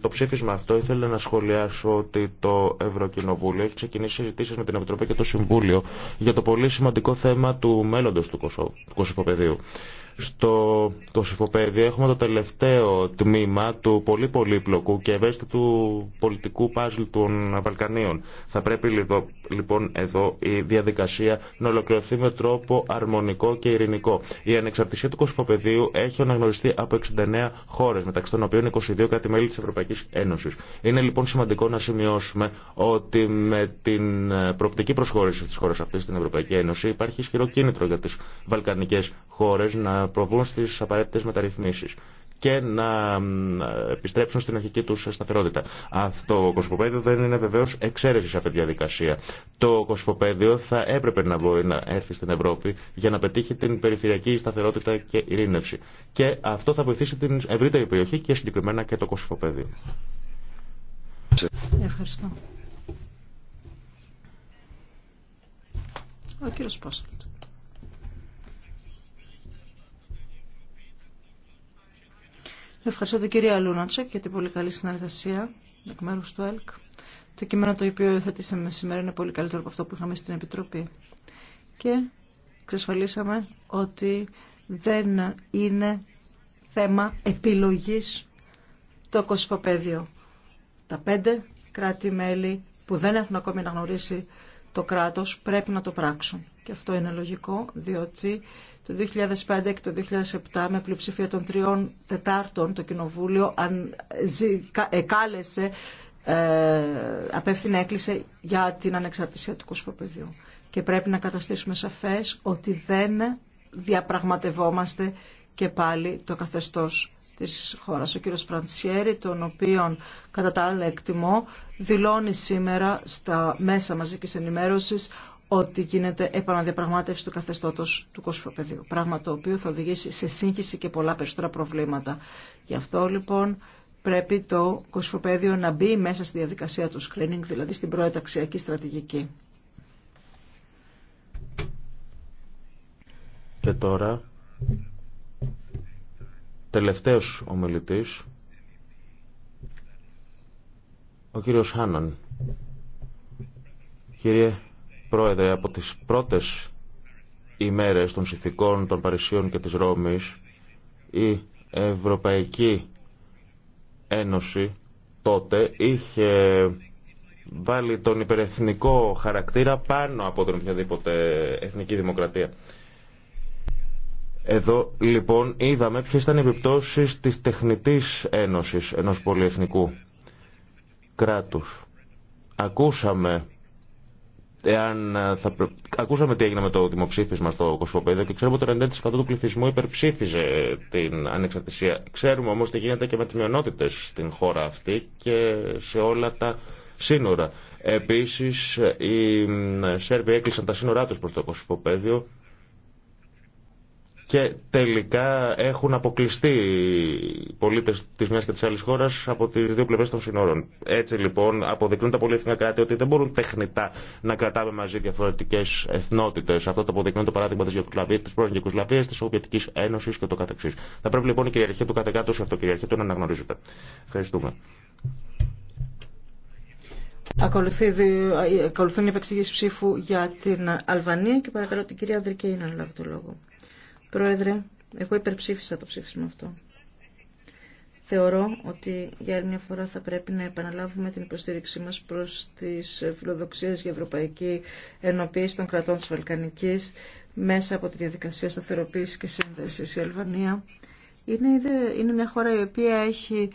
S1: το ψήφισμα αυτό ήθελα να σχολιάσω ότι το Ευρωκοινοβούλιο έχει ξεκινήσει συζητήσεις με την Επιτροπή και το Συμβούλιο για το πολύ σημαντικό θέμα του μέλλοντο του, Κωσο, στο Κωσυφοπέδιο έχουμε το τελευταίο τμήμα του πολύ πολύπλοκου και ευαίσθητου πολιτικού πάζλ των Βαλκανίων. Θα πρέπει λοιπόν εδώ η διαδικασία να ολοκληρωθεί με τρόπο αρμονικό και ειρηνικό. Η ανεξαρτησία του Κωσυφοπεδίου έχει αναγνωριστεί από 69 χώρε, μεταξύ των οποίων 22 κατημέλη μελη τη Ευρωπαϊκή Ένωση. Είναι λοιπόν σημαντικό να σημειώσουμε ότι με την ε, προοπτική προσχώρηση τη χώρα αυτή στην Ευρωπαϊκή Ένωση υπάρχει ισχυρό κίνητρο για τι Βαλκανικέ χώρε να προβούν στι απαραίτητες μεταρρυθμίσεις και να επιστρέψουν στην αρχική του σταθερότητα. Αυτό το κοσμοπέδιο δεν είναι βεβαίω εξαίρεση σε αυτή τη διαδικασία. Το κοσμοπέδιο θα έπρεπε να μπορεί να έρθει στην Ευρώπη για να πετύχει την περιφερειακή σταθερότητα και ειρήνευση. Και αυτό θα βοηθήσει την ευρύτερη περιοχή και συγκεκριμένα και το κοσμοπέδιο.
S3: Ευχαριστώ. Ο κύριος Ευχαριστώ την κυρία Λούνατσεκ για την πολύ καλή συνεργασία εκ μέρου του ΕΛΚ. Το κείμενο το οποίο υιοθετήσαμε σήμερα είναι πολύ καλύτερο από αυτό που είχαμε στην Επιτροπή. Και εξασφαλίσαμε ότι δεν είναι θέμα επιλογής το κοσφοπέδιο. Τα πέντε κράτη-μέλη που δεν έχουν ακόμη αναγνωρίσει το κράτος πρέπει να το πράξουν. Και αυτό είναι λογικό, διότι το 2005 και το 2007 με πλειοψηφία των τριών τετάρτων το Κοινοβούλιο αν, εκάλεσε, ε, ε απεύθυνε έκλεισε για την ανεξαρτησία του κοσμοπεδίου. Και πρέπει να καταστήσουμε σαφές ότι δεν διαπραγματευόμαστε και πάλι το καθεστώς της χώρας. Ο κύριος Πραντσιέρη, τον οποίον κατά τα άλλα εκτιμώ, δηλώνει σήμερα στα μέσα μαζικής ενημέρωσης ότι γίνεται επαναδιαπραγμάτευση του καθεστώτος του Κοσμοπέδιου, Πράγμα το οποίο θα οδηγήσει σε σύγχυση και πολλά περισσότερα προβλήματα. Γι' αυτό λοιπόν πρέπει το κοσφοπέδιο να μπει μέσα στη διαδικασία του screening, δηλαδή στην προεταξιακή στρατηγική.
S1: Και τώρα, τελευταίος ομιλητής, ο κύριος Χάναν. Κύριε Πρόεδρε, από τις πρώτες ημέρες των συνθηκών των Παρισιών και της Ρώμης, η Ευρωπαϊκή Ένωση τότε είχε βάλει τον υπερεθνικό χαρακτήρα πάνω από τον οποιαδήποτε εθνική δημοκρατία. Εδώ λοιπόν είδαμε ποιες ήταν οι επιπτώσεις της τεχνητής ένωσης ενός πολυεθνικού κράτους. Ακούσαμε Εάν ε, θα... Ακούσαμε τι έγινε με το δημοψήφισμα στο Κοσμοπέδιο και ξέρουμε ότι το 90% του πληθυσμού υπερψήφιζε την ανεξαρτησία. Ξέρουμε όμως τι γίνεται και με τις μειονότητες στην χώρα αυτή και σε όλα τα σύνορα. Επίσης, οι ε, Σέρβοι έκλεισαν τα σύνορά τους προς το Κοσμοπέδιο και τελικά έχουν αποκλειστεί οι πολίτες της μιας και της άλλης χώρας από τις δύο πλευρές των συνόρων. Έτσι λοιπόν αποδεικνύουν τα πολυεθνικά κράτη ότι δεν μπορούν τεχνητά να κρατάμε μαζί διαφορετικές εθνότητες. Αυτό το αποδεικνύουν το παράδειγμα της, της πρώην Γεκουσλαβίας, της Σοβιετικής Ένωσης και το καθεξής. Θα πρέπει λοιπόν η κυριαρχία του κατεκάτω σε αυτοκυριαρχία του να αναγνωρίζεται. Ευχαριστούμε.
S3: Ε, ακολουθούν οι επεξηγήσει ψήφου για την Αλβανία και παρακαλώ την κυρία Ανδρική να λάβει το λόγο. Πρόεδρε, εγώ υπερψήφισα το ψήφισμα αυτό. Θεωρώ ότι για άλλη μια φορά θα πρέπει να επαναλάβουμε την υποστήριξή μας προς τις φιλοδοξίες για ευρωπαϊκή ενοποίηση των κρατών της Βαλκανικής μέσα από τη διαδικασία σταθεροποίησης και σύνδεσης. Η Αλβανία είναι, είναι μια χώρα η οποία έχει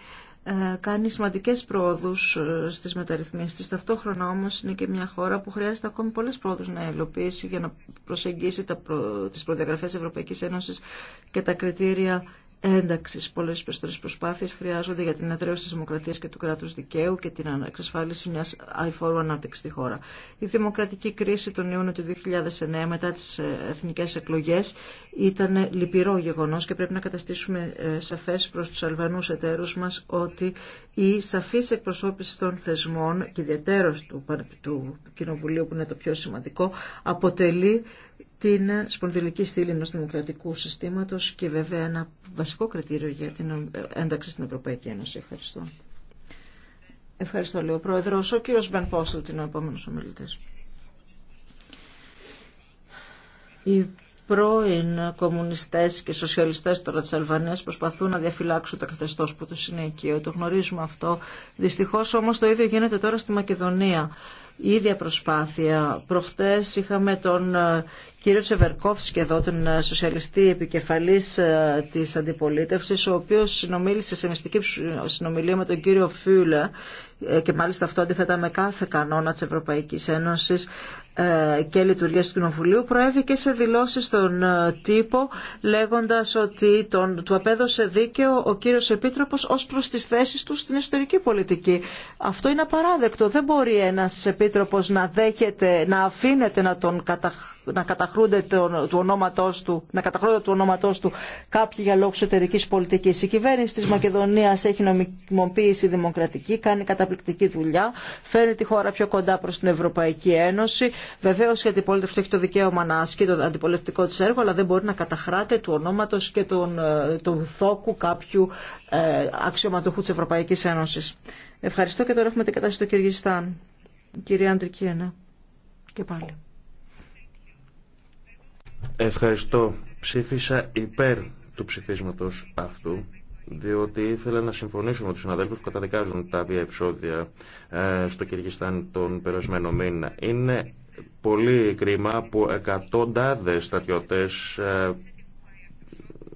S3: ε, κάνει σημαντικές πρόοδους ε, στις μεταρρυθμίσεις. Ταυτόχρονα όμως είναι και μια χώρα που χρειάζεται ακόμη πολλές πρόοδους να υλοποιήσει για να προσεγγίσει τα προδιαγραφέ τις προδιαγραφές Ευρωπαϊκής Ένωσης και τα κριτήρια ένταξη. Πολλέ περισσότερε προσπάθειε χρειάζονται για την εδραίωση τη δημοκρατία και του κράτου δικαίου και την εξασφάλιση μια αηφόρου ανάπτυξη στη χώρα. Η δημοκρατική κρίση τον Ιούνιο του 2009 μετά τι ε, εθνικέ εκλογέ ήταν λυπηρό γεγονό και πρέπει να καταστήσουμε ε, σαφέ προ του Αλβανού εταίρου μα ότι η σαφή εκπροσώπηση των θεσμών και ιδιαίτερω του, του Κοινοβουλίου που είναι το πιο σημαντικό αποτελεί την σπονδυλική στήλη ενό δημοκρατικού συστήματο και βέβαια ένα βασικό κριτήριο για την ένταξη στην Ευρωπαϊκή Ένωση. Ευχαριστώ. Ευχαριστώ, λέει ο πρόεδρο. Ο κύριο Μπεν Πόστολ, είναι επόμενο ομιλητή. Οι πρώην κομμουνιστέ και σοσιαλιστέ τώρα τη Αλβανία προσπαθούν να διαφυλάξουν το καθεστώ που του είναι οικείο. Το γνωρίζουμε αυτό. Δυστυχώ, όμω το ίδιο γίνεται τώρα στη Μακεδονία ίδια προσπάθεια. Προχτές είχαμε τον ε, κύριο Τσεβερκόφσκι εδώ, τον ε, σοσιαλιστή επικεφαλής ε, της αντιπολίτευσης, ο οποίος συνομίλησε σε μυστική συνομιλία με τον κύριο Φιούλα και μάλιστα αυτό αντίθετα με κάθε κανόνα της Ευρωπαϊκής Ένωσης και λειτουργία του Κοινοβουλίου προέβη και σε δηλώσεις στον τύπο λέγοντας ότι τον, του απέδωσε δίκαιο ο κύριος Επίτροπος ως προς τις θέσεις του στην εσωτερική πολιτική. Αυτό είναι απαράδεκτο. Δεν μπορεί ένας επίτροπος να δέχεται, να αφήνεται να, τον να καταχρούνται τον... του ονόματός του, να καταχρούνται του ονόματός του κάποιοι για λόγους εσωτερικής πολιτικής. Η κυβέρνηση της Μακεδονία έχει νομιμοποίηση δημοκρατική, κάνει καταπληκτική δουλειά, φέρνει τη χώρα πιο κοντά προς την Ευρωπαϊκή Ένωση. Βεβαίως η αντιπολίτευση έχει το δικαίωμα να ασκεί το αντιπολιτευτικό της έργο, αλλά δεν μπορεί να καταχράται του ονόματος και τον... Ε, του θόκου κάποιου ε, αξιωματοχού της Ευρωπαϊκής Ένωσης. Ευχαριστώ και τώρα έχουμε την κατάσταση του Κυργιστάν. Κύριε Αντρικίενα, και πάλι.
S1: Ευχαριστώ. Ψήφισα υπέρ του ψηφίσματος αυτού διότι ήθελα να συμφωνήσω με τους συναδέλφους που καταδικάζουν τα βία επεισόδια ε, στο Κυργιστάν τον περασμένο μήνα. Είναι πολύ κρίμα που εκατοντάδες στρατιώτες ε,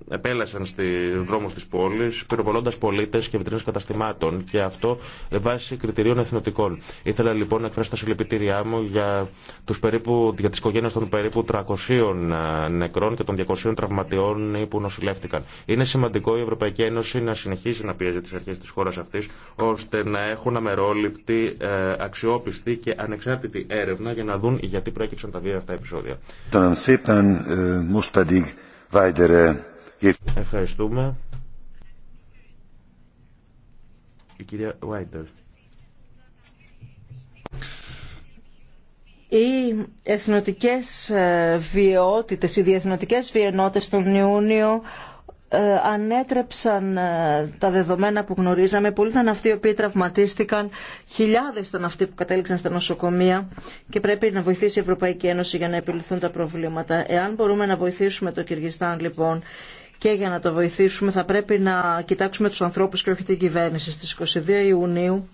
S1: επέλασαν στις δρόμους της πόλης, πυροβολώντας πολίτες και βιτρίνες καταστημάτων και αυτό βάσει κριτηρίων εθνοτικών. Ήθελα λοιπόν να εκφράσω τα συλληπιτήριά μου για, τους περίπου, για τις οικογένειες των περίπου 300 ε, νεκρών και των 200 τραυματιών που νοσηλεύτηκαν. Είναι σημαντικό η Ευρωπαϊκή Ένωση να συνεχίσει να πιέζει τις αρχές της χώρας αυτής, ώστε να έχουν αμερόληπτη, ε, αξιόπιστη και ανεξάρτητη έρευνα για να δουν γιατί προέκυψαν τα δύο αυτά επεισόδια. Ευχαριστούμε. Η κυρία Βάιντερ.
S3: Οι εθνοτικές ε, βιαιότητες, οι διεθνοτικές βιαινότητες στον Ιούνιο ε, ανέτρεψαν ε, τα δεδομένα που γνωρίζαμε. Πολλοί ήταν αυτοί οι οποίοι τραυματίστηκαν, χιλιάδες ήταν αυτοί που κατέληξαν στα νοσοκομεία και πρέπει να βοηθήσει η Ευρωπαϊκή Ένωση για να επιλυθούν τα προβλήματα. Εάν μπορούμε να βοηθήσουμε το Κυργιστάν λοιπόν και για να το βοηθήσουμε θα πρέπει να κοιτάξουμε τους ανθρώπους και όχι την κυβέρνηση. Στις 22 Ιουνίου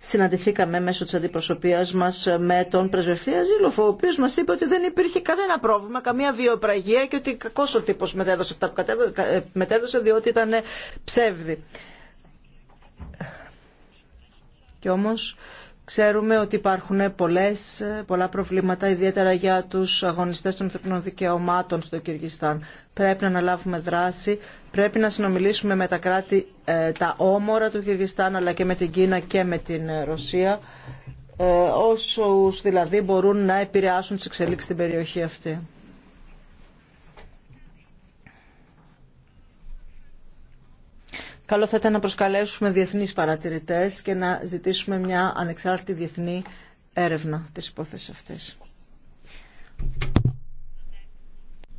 S3: συναντηθήκαμε μέσω της αντιπροσωπείας μας με τον πρεσβευτή Αζήλοφο, ο οποίος μας είπε ότι δεν υπήρχε κανένα πρόβλημα, καμία βιοπραγία και ότι κακός ο τύπος μετέδωσε αυτά που ε, μετέδωσε διότι ήταν ψεύδι. Και όμως Ξέρουμε ότι υπάρχουν πολλές, πολλά προβλήματα, ιδιαίτερα για τους αγωνιστές των ανθρωπινών δικαιωμάτων στο Κυργιστάν. Πρέπει να αναλάβουμε δράση, πρέπει να συνομιλήσουμε με τα κράτη, ε, τα όμορα του Κυργιστάν, αλλά και με την Κίνα και με την ε, Ρωσία, ε, όσους δηλαδή μπορούν να επηρεάσουν τις εξελίξεις στην περιοχή αυτή. καλό θα ήταν να προσκαλέσουμε διεθνείς παρατηρητές και να ζητήσουμε μια ανεξάρτητη διεθνή έρευνα της υπόθεσης αυτής.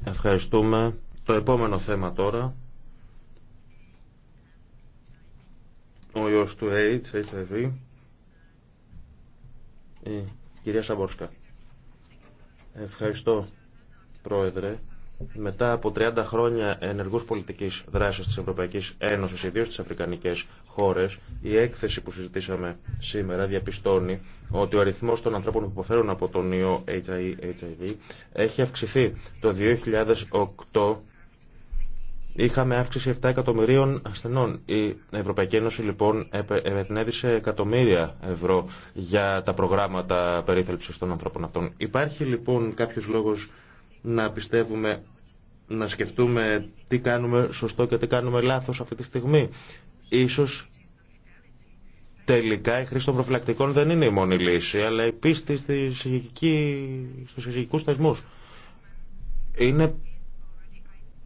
S1: Ευχαριστούμε. Το επόμενο θέμα τώρα. Ο ιός του AIDS, HIV. Η κυρία Σαμπόρσκα. Ευχαριστώ, Πρόεδρε μετά από 30 χρόνια ενεργούς πολιτικής δράσης της Ευρωπαϊκής Ένωσης, ιδίως στις αφρικανικές χώρες, η έκθεση που συζητήσαμε σήμερα διαπιστώνει ότι ο αριθμός των ανθρώπων που υποφέρουν από τον ιό HIV έχει αυξηθεί. Το 2008 είχαμε αύξηση 7 εκατομμυρίων ασθενών. Η Ευρωπαϊκή Ένωση λοιπόν επενέδυσε εκατομμύρια ευρώ για τα προγράμματα περίθαλψης των ανθρώπων αυτών. Υπάρχει λοιπόν κάποιος λόγος να πιστεύουμε, να σκεφτούμε τι κάνουμε σωστό και τι κάνουμε λάθος αυτή τη στιγμή. Ίσως τελικά η χρήση των προφυλακτικών δεν είναι η μόνη λύση, αλλά η πίστη στη στους συζυγικούς Είναι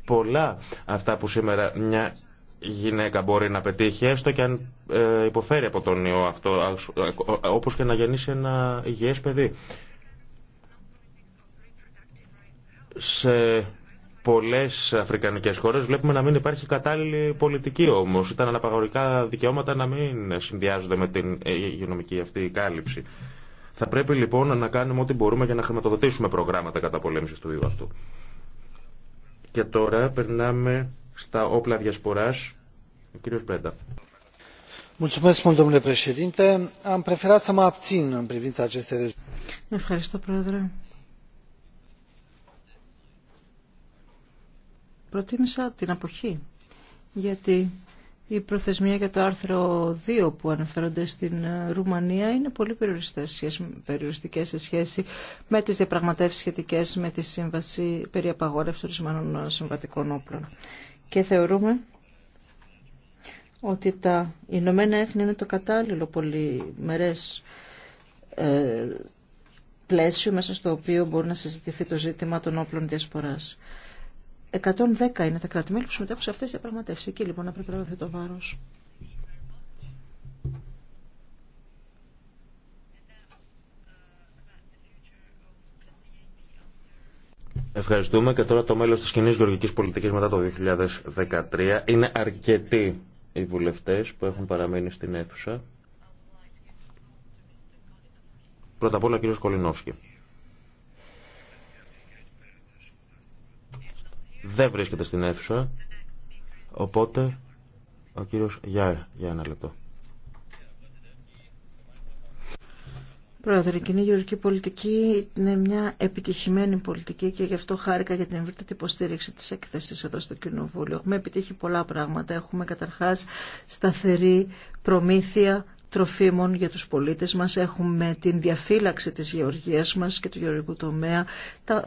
S1: πολλά αυτά που σήμερα μια γυναίκα μπορεί να πετύχει, έστω και αν ε, υποφέρει από τον ιό αυτό, ε, όπως και να γεννήσει ένα υγιές παιδί σε πολλέ αφρικανικέ χώρε βλέπουμε να μην υπάρχει κατάλληλη πολιτική όμω. Ήταν αναπαγορικά δικαιώματα να μην συνδυάζονται με την υγειονομική αυτή κάλυψη. Θα πρέπει λοιπόν να κάνουμε ό,τι μπορούμε για να χρηματοδοτήσουμε προγράμματα κατά πολέμησης του ιού αυτού. Και τώρα περνάμε στα όπλα διασποράς. Ο κύριος Πρέντα.
S3: Ευχαριστώ, Πρόεδρε. προτίμησα την αποχή γιατί η προθεσμία για το άρθρο 2 που αναφέρονται στην ε, Ρουμανία είναι πολύ περιοριστικέ σε σχέση με τις διαπραγματεύσεις σχετικές με τη σύμβαση περί απαγόρευσης ορισμένων ε, συμβατικών όπλων. Και θεωρούμε ότι τα Ηνωμένα Έθνη είναι το κατάλληλο πολυμερές ε, πλαίσιο μέσα στο οποίο μπορεί να συζητηθεί το ζήτημα των όπλων διασποράς. 110 είναι τα κρατη που συμμετέχουν σε αυτές τις διαπραγματεύσεις. Εκεί λοιπόν να πρέπει να δοθεί το βάρος.
S1: Ευχαριστούμε και τώρα το μέλος της κοινή γεωργικής πολιτικής μετά το 2013. Είναι αρκετοί οι βουλευτές που έχουν παραμείνει στην αίθουσα. Πρώτα απ' όλα ο κύριος Κολινόφσκι. δεν βρίσκεται στην αίθουσα. Οπότε, ο κύριος Γιάρ, για ένα λεπτό.
S3: Πρόεδρε, η κοινή γεωργική πολιτική είναι μια επιτυχημένη πολιτική και γι' αυτό χάρηκα για την ευρύτερη υποστήριξη τη έκθεση εδώ στο Κοινοβούλιο. Έχουμε επιτύχει πολλά πράγματα. Έχουμε καταρχά σταθερή προμήθεια τροφίμων για τους πολίτες μας, έχουμε την διαφύλαξη της γεωργίας μας και του γεωργικού τομέα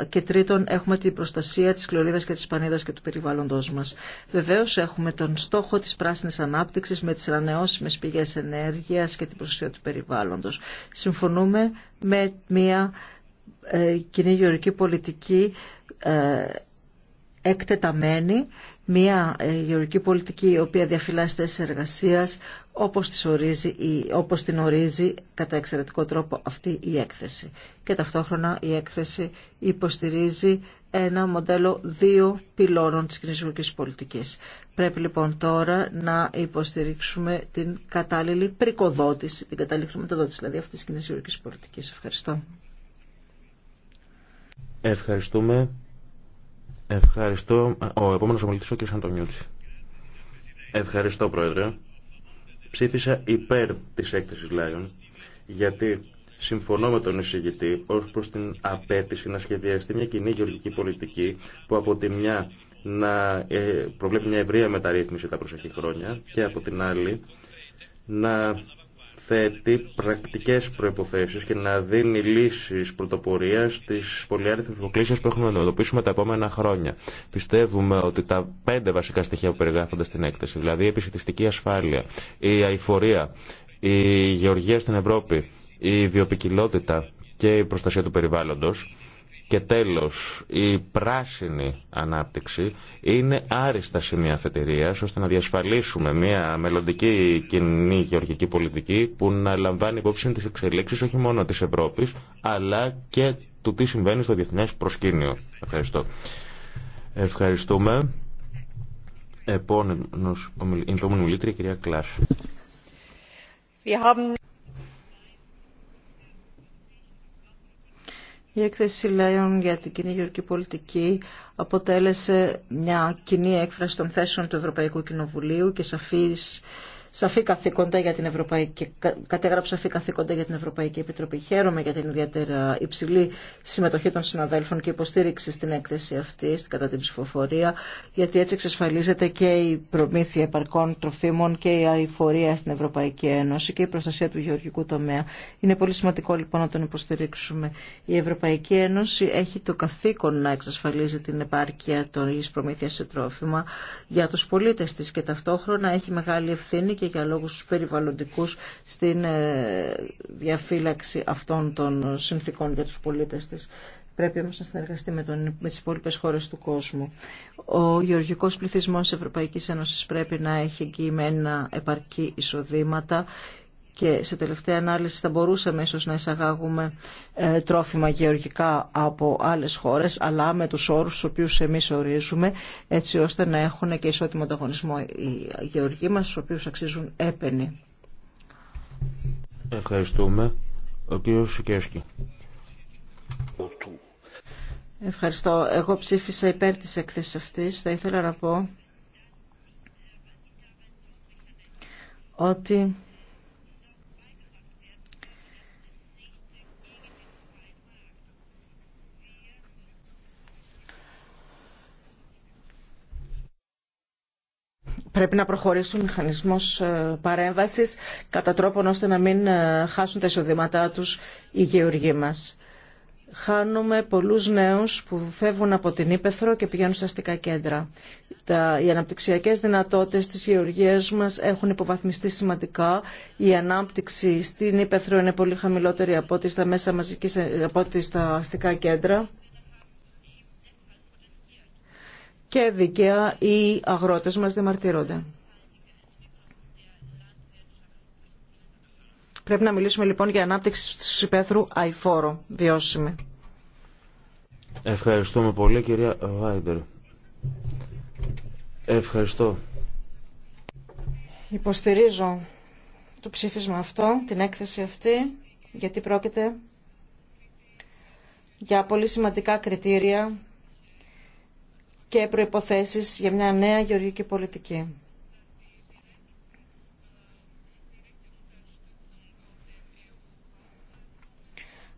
S3: και τρίτον έχουμε την προστασία της κλωρίδας και της πανίδας και του περιβάλλοντος μας. Βεβαίως έχουμε τον στόχο της πράσινης ανάπτυξης με τις ανανεώσιμες πηγές ενέργειας και την προστασία του περιβάλλοντος. Συμφωνούμε με μια ε, κοινή γεωργική πολιτική ε, εκτεταμένη μια ε, γεωργική πολιτική η οποία διαφυλάσσει όπως, την ορίζει κατά εξαιρετικό τρόπο αυτή η έκθεση. Και ταυτόχρονα η έκθεση υποστηρίζει ένα μοντέλο δύο πυλώνων της κοινωνικής πολιτικής. Πρέπει λοιπόν τώρα να υποστηρίξουμε την κατάλληλη πρικοδότηση, την κατάλληλη χρηματοδότηση δηλαδή αυτής της κοινωνικής πολιτικής. Ευχαριστώ.
S1: Ευχαριστούμε. Ευχαριστώ. Ο επόμενος ομιλητής ο κ. Ευχαριστώ, Πρόεδρε. Ψήφισα υπέρ της έκθεσης Λάιον γιατί συμφωνώ με τον εισηγητή ως προς την απέτηση να σχεδιαστεί μια κοινή γεωργική πολιτική που από τη μια να ε, προβλέπει μια ευρεία μεταρρύθμιση τα προσεχή χρόνια και από την άλλη να θέτει πρακτικές προϋποθέσεις και να δίνει λύσεις πρωτοπορίας στις πολυάριθμες υποκλήσεις που έχουμε να αντιμετωπίσουμε τα επόμενα χρόνια. Πιστεύουμε ότι τα πέντε βασικά στοιχεία που περιγράφονται στην έκθεση, δηλαδή η επισητιστική ασφάλεια, η αηφορία, η γεωργία στην Ευρώπη, η βιοπικιλότητα και η προστασία του περιβάλλοντος, και τέλος, η πράσινη ανάπτυξη είναι άριστα σημεία αφετηρίας ώστε να διασφαλίσουμε μια μελλοντική κοινή γεωργική πολιτική που να λαμβάνει υπόψη τις εξελίξεις όχι μόνο της Ευρώπης αλλά και του τι συμβαίνει στο διεθνές προσκήνιο. Ευχαριστώ. Ευχαριστούμε. Επόμενος, η κυρία Κλά.
S3: Η έκθεση Λέων για την κοινή γεωργική πολιτική αποτέλεσε μια κοινή έκφραση των θέσεων του Ευρωπαϊκού Κοινοβουλίου και σαφής σαφή καθήκοντα για την Ευρωπαϊκή, κατέγραψε σαφή καθήκοντα για την Ευρωπαϊκή Επιτροπή. Χαίρομαι για την ιδιαίτερα υψηλή συμμετοχή των συναδέλφων και υποστήριξη στην έκθεση αυτή, κατά την ψηφοφορία, γιατί έτσι εξασφαλίζεται και η προμήθεια επαρκών τροφίμων και η αηφορία στην Ευρωπαϊκή Ένωση και η προστασία του γεωργικού τομέα. Είναι πολύ σημαντικό λοιπόν να τον υποστηρίξουμε. Η Ευρωπαϊκή Ένωση έχει το καθήκον να εξασφαλίζει την επάρκεια των προμήθεια σε τρόφιμα για του πολίτε τη και ταυτόχρονα έχει μεγάλη ευθύνη και για λόγους περιβαλλοντικούς στην ε, διαφύλαξη αυτών των συνθήκων για τους πολίτες της. Πρέπει όμως να συνεργαστεί με, τον, με τις υπόλοιπε χώρες του κόσμου. Ο γεωργικός πληθυσμός της Ευρωπαϊκής Ένωσης πρέπει να έχει εγγυημένα επαρκή εισοδήματα και σε τελευταία ανάλυση θα μπορούσαμε ίσως να εισαγάγουμε ε, τρόφιμα γεωργικά από άλλες χώρες αλλά με τους όρους στους οποίους εμείς ορίζουμε έτσι ώστε να έχουν και ισότιμο ανταγωνισμό οι γεωργοί μας στους οποίους αξίζουν έπαινοι.
S1: Ευχαριστούμε. Ο κύριος Σικέσκι.
S3: Ευχαριστώ. Εγώ ψήφισα υπέρ της έκθεσης αυτής. Θα ήθελα να πω ότι πρέπει να προχωρήσουν ο μηχανισμός ε, παρέμβασης κατά τρόπον ώστε να μην ε, χάσουν τα εισοδήματά τους οι γεωργοί μας. Χάνουμε πολλούς νέους που φεύγουν από την Ήπεθρο και πηγαίνουν στα αστικά κέντρα. Τα, οι αναπτυξιακές δυνατότητες της γεωργίας μας έχουν υποβαθμιστεί σημαντικά. Η ανάπτυξη στην Ήπεθρο είναι πολύ χαμηλότερη από ό,τι μαζικής, ε, από ό,τι στα αστικά κέντρα και δικαία οι αγρότες μας διαμαρτύρονται. Πρέπει να μιλήσουμε λοιπόν για ανάπτυξη της υπαίθρου Αϊφόρο βιώσιμη.
S1: Ευχαριστούμε πολύ κυρία Βάιντερ. Ευχαριστώ.
S3: Υποστηρίζω το ψήφισμα αυτό, την έκθεση αυτή, γιατί πρόκειται για πολύ σημαντικά κριτήρια και προϋποθέσεις για μια νέα γεωργική πολιτική.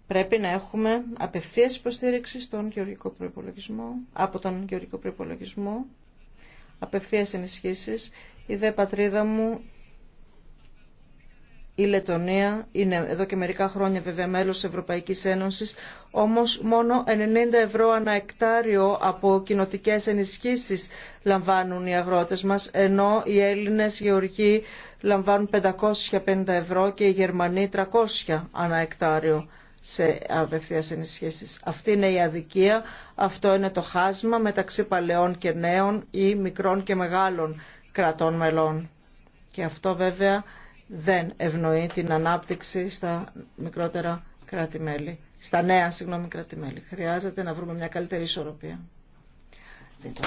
S3: Πρέπει να έχουμε απευθείας υποστήριξη στον γεωργικό προϋπολογισμό, από τον γεωργικό προϋπολογισμό, απευθείας ενισχύσεις. Η δε πατρίδα μου η Λετωνία είναι εδώ και μερικά χρόνια βέβαια μέλος της Ευρωπαϊκής Ένωσης, όμως μόνο 90 ευρώ ανά εκτάριο από κοινοτικέ ενισχύσεις λαμβάνουν οι αγρότες μας, ενώ οι Έλληνες γεωργοί λαμβάνουν 550 ευρώ και οι Γερμανοί 300 ανά εκτάριο σε απευθεία ενισχύσεις. Αυτή είναι η αδικία, αυτό είναι το χάσμα μεταξύ παλαιών και νέων ή μικρών και μεγάλων κρατών μελών. Και αυτό βέβαια δεν ευνοεί την ανάπτυξη στα μικρότερα στα νέα συγγνώμη κράτη-μέλη. Χρειάζεται να βρούμε μια καλύτερη ισορροπία. Δεν το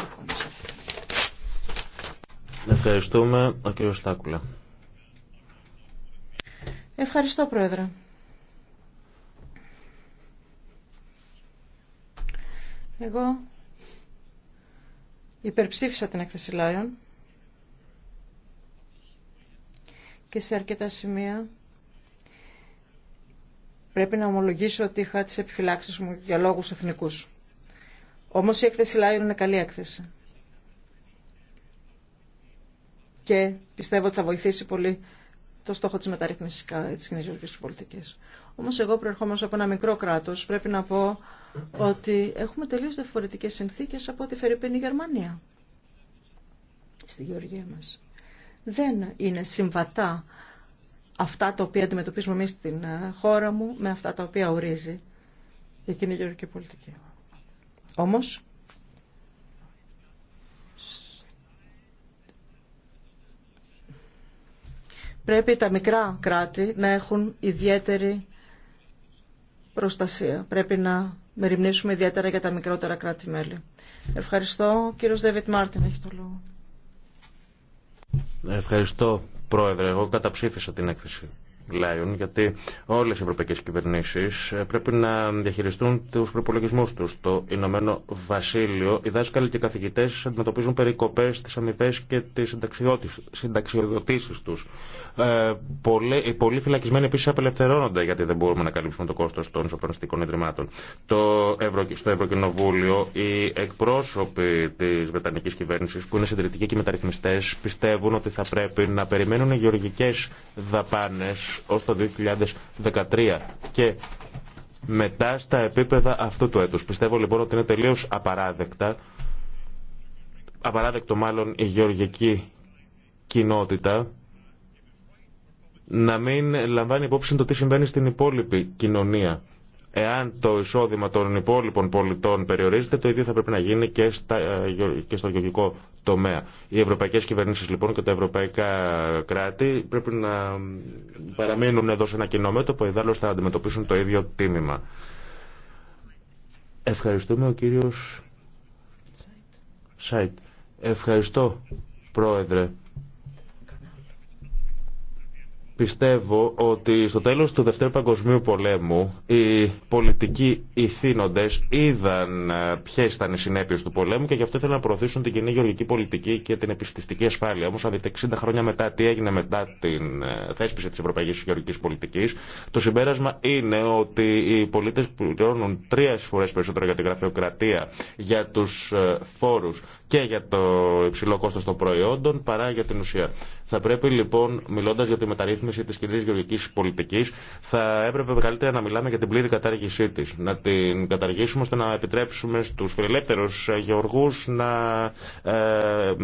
S1: Ευχαριστούμε. Ο Στάκουλα.
S3: Ευχαριστώ, Πρόεδρε. Εγώ υπερψήφισα την έκθεση Λάιον και σε αρκετά σημεία. Πρέπει να ομολογήσω ότι είχα τις επιφυλάξεις μου για λόγους εθνικούς. Όμως η έκθεση Λάιον είναι καλή έκθεση. Και πιστεύω ότι θα βοηθήσει πολύ το στόχο της μεταρρύθμισης της κοινή πολιτικής. Όμως εγώ προερχόμενο από ένα μικρό κράτος πρέπει να πω ότι έχουμε τελείως διαφορετικές συνθήκες από ό,τι φερειπίνει η Γερμανία στη γεωργία μας δεν είναι συμβατά αυτά τα οποία αντιμετωπίζουμε εμείς στην ε, χώρα μου με αυτά τα οποία ορίζει η κοινή πολιτική. Όμως, πρέπει τα μικρά κράτη να έχουν ιδιαίτερη προστασία. Πρέπει να μεριμνήσουμε ιδιαίτερα για τα μικρότερα κράτη-μέλη. Ευχαριστώ. Ο κύριος Δέβιτ Μάρτιν έχει το
S1: Ευχαριστώ, Πρόεδρε. Εγώ καταψήφισα την έκθεση. Λάιον, γιατί όλες οι ευρωπαϊκές κυβερνήσεις ε, πρέπει να διαχειριστούν τους προπολογισμού του Το Ηνωμένο Βασίλειο, οι δάσκαλοι και οι καθηγητές αντιμετωπίζουν περικοπές στις αμοιβέ και τις συνταξιοδοτήσεις τους. Ε, πολλοί, οι πολλοί φυλακισμένοι επίσης απελευθερώνονται γιατί δεν μπορούμε να καλύψουμε το κόστος των σοπανιστικών ιδρυμάτων. Το Ευρω... Στο Ευρωκοινοβούλιο οι εκπρόσωποι της Βρετανικής κυβέρνησης που είναι συντηρητικοί και μεταρρυθμιστές πιστεύουν ότι θα πρέπει να περιμένουν γεωργικέ δαπάνες ως το 2013 και μετά στα επίπεδα αυτού του έτους. Πιστεύω λοιπόν ότι είναι τελείως απαράδεκτα, απαράδεκτο μάλλον η γεωργική κοινότητα να μην λαμβάνει υπόψη το τι συμβαίνει στην υπόλοιπη κοινωνία. Εάν το εισόδημα των υπόλοιπων πολιτών περιορίζεται, το ίδιο θα πρέπει να γίνει και, στα, ε, και στο γεωργικό τομέα. Οι ευρωπαϊκέ κυβερνήσει λοιπόν και τα ευρωπαϊκά κράτη πρέπει να παραμείνουν εδώ σε ένα κοινό μέτωπο, ιδάλω θα αντιμετωπίσουν το ίδιο τίμημα. Ευχαριστούμε ο κύριος Σάιτ. Ευχαριστώ πρόεδρε. Πιστεύω ότι στο τέλος του Δευτέρου Παγκοσμίου Πολέμου οι πολιτικοί ηθήνοντες είδαν ε, ποιε ήταν οι συνέπειε του πολέμου και γι' αυτό ήθελαν να προωθήσουν την κοινή γεωργική πολιτική και την επιστηστική ασφάλεια. Όμως αν δείτε 60 χρόνια μετά τι έγινε μετά την ε, θέσπιση της Ευρωπαϊκής Γεωργικής Πολιτικής, το συμπέρασμα είναι ότι οι πολίτες πληρώνουν τρία φορές περισσότερο για την γραφειοκρατία, για τους ε, φόρους και για το υψηλό κόστο των προϊόντων παρά για την ουσία. Θα πρέπει λοιπόν, μιλώντα για τη μεταρρύθμιση τη κοινή γεωργική πολιτική, θα έπρεπε καλύτερα να μιλάμε για την πλήρη κατάργησή τη, Να την καταργήσουμε ώστε να επιτρέψουμε στου φιλελεύθερου γεωργού να ε,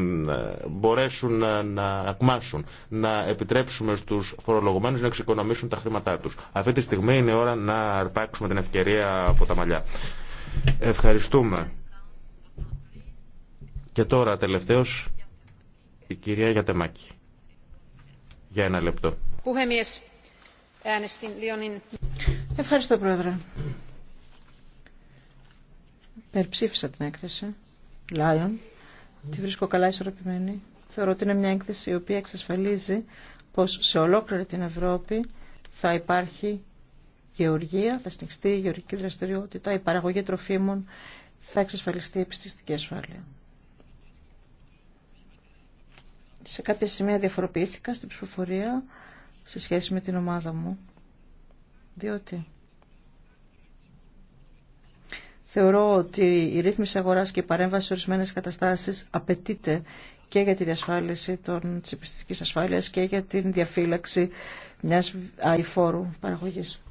S1: μπορέσουν να, ακμάσουν. Να επιτρέψουμε στους φορολογουμένου να εξοικονομήσουν τα χρήματά του. Αυτή τη στιγμή είναι ώρα να αρπάξουμε την ευκαιρία από τα μαλλιά. Ευχαριστούμε. Και τώρα τελευταίος η κυρία Γιατεμάκη.
S3: Για ένα λεπτό. Ευχαριστώ πρόεδρε. Περψήφισα την έκθεση. Λάιον. Τη βρίσκω καλά ισορροπημένη. Θεωρώ ότι είναι μια έκθεση η οποία εξασφαλίζει πως σε ολόκληρη την Ευρώπη θα υπάρχει γεωργία, θα συνεχιστεί η γεωργική δραστηριότητα, η παραγωγή τροφίμων, θα εξασφαλιστεί η επιστηστική ασφάλεια. σε κάποια σημεία διαφοροποιήθηκα στην ψηφοφορία σε σχέση με την ομάδα μου, διότι θεωρώ ότι η ρύθμιση αγοράς και η παρέμβαση σε ορισμένες καταστάσεις απαιτείται και για τη διασφάλιση των τσιπιστικής ασφάλειας και για την διαφύλαξη μιας αηφόρου παραγωγής.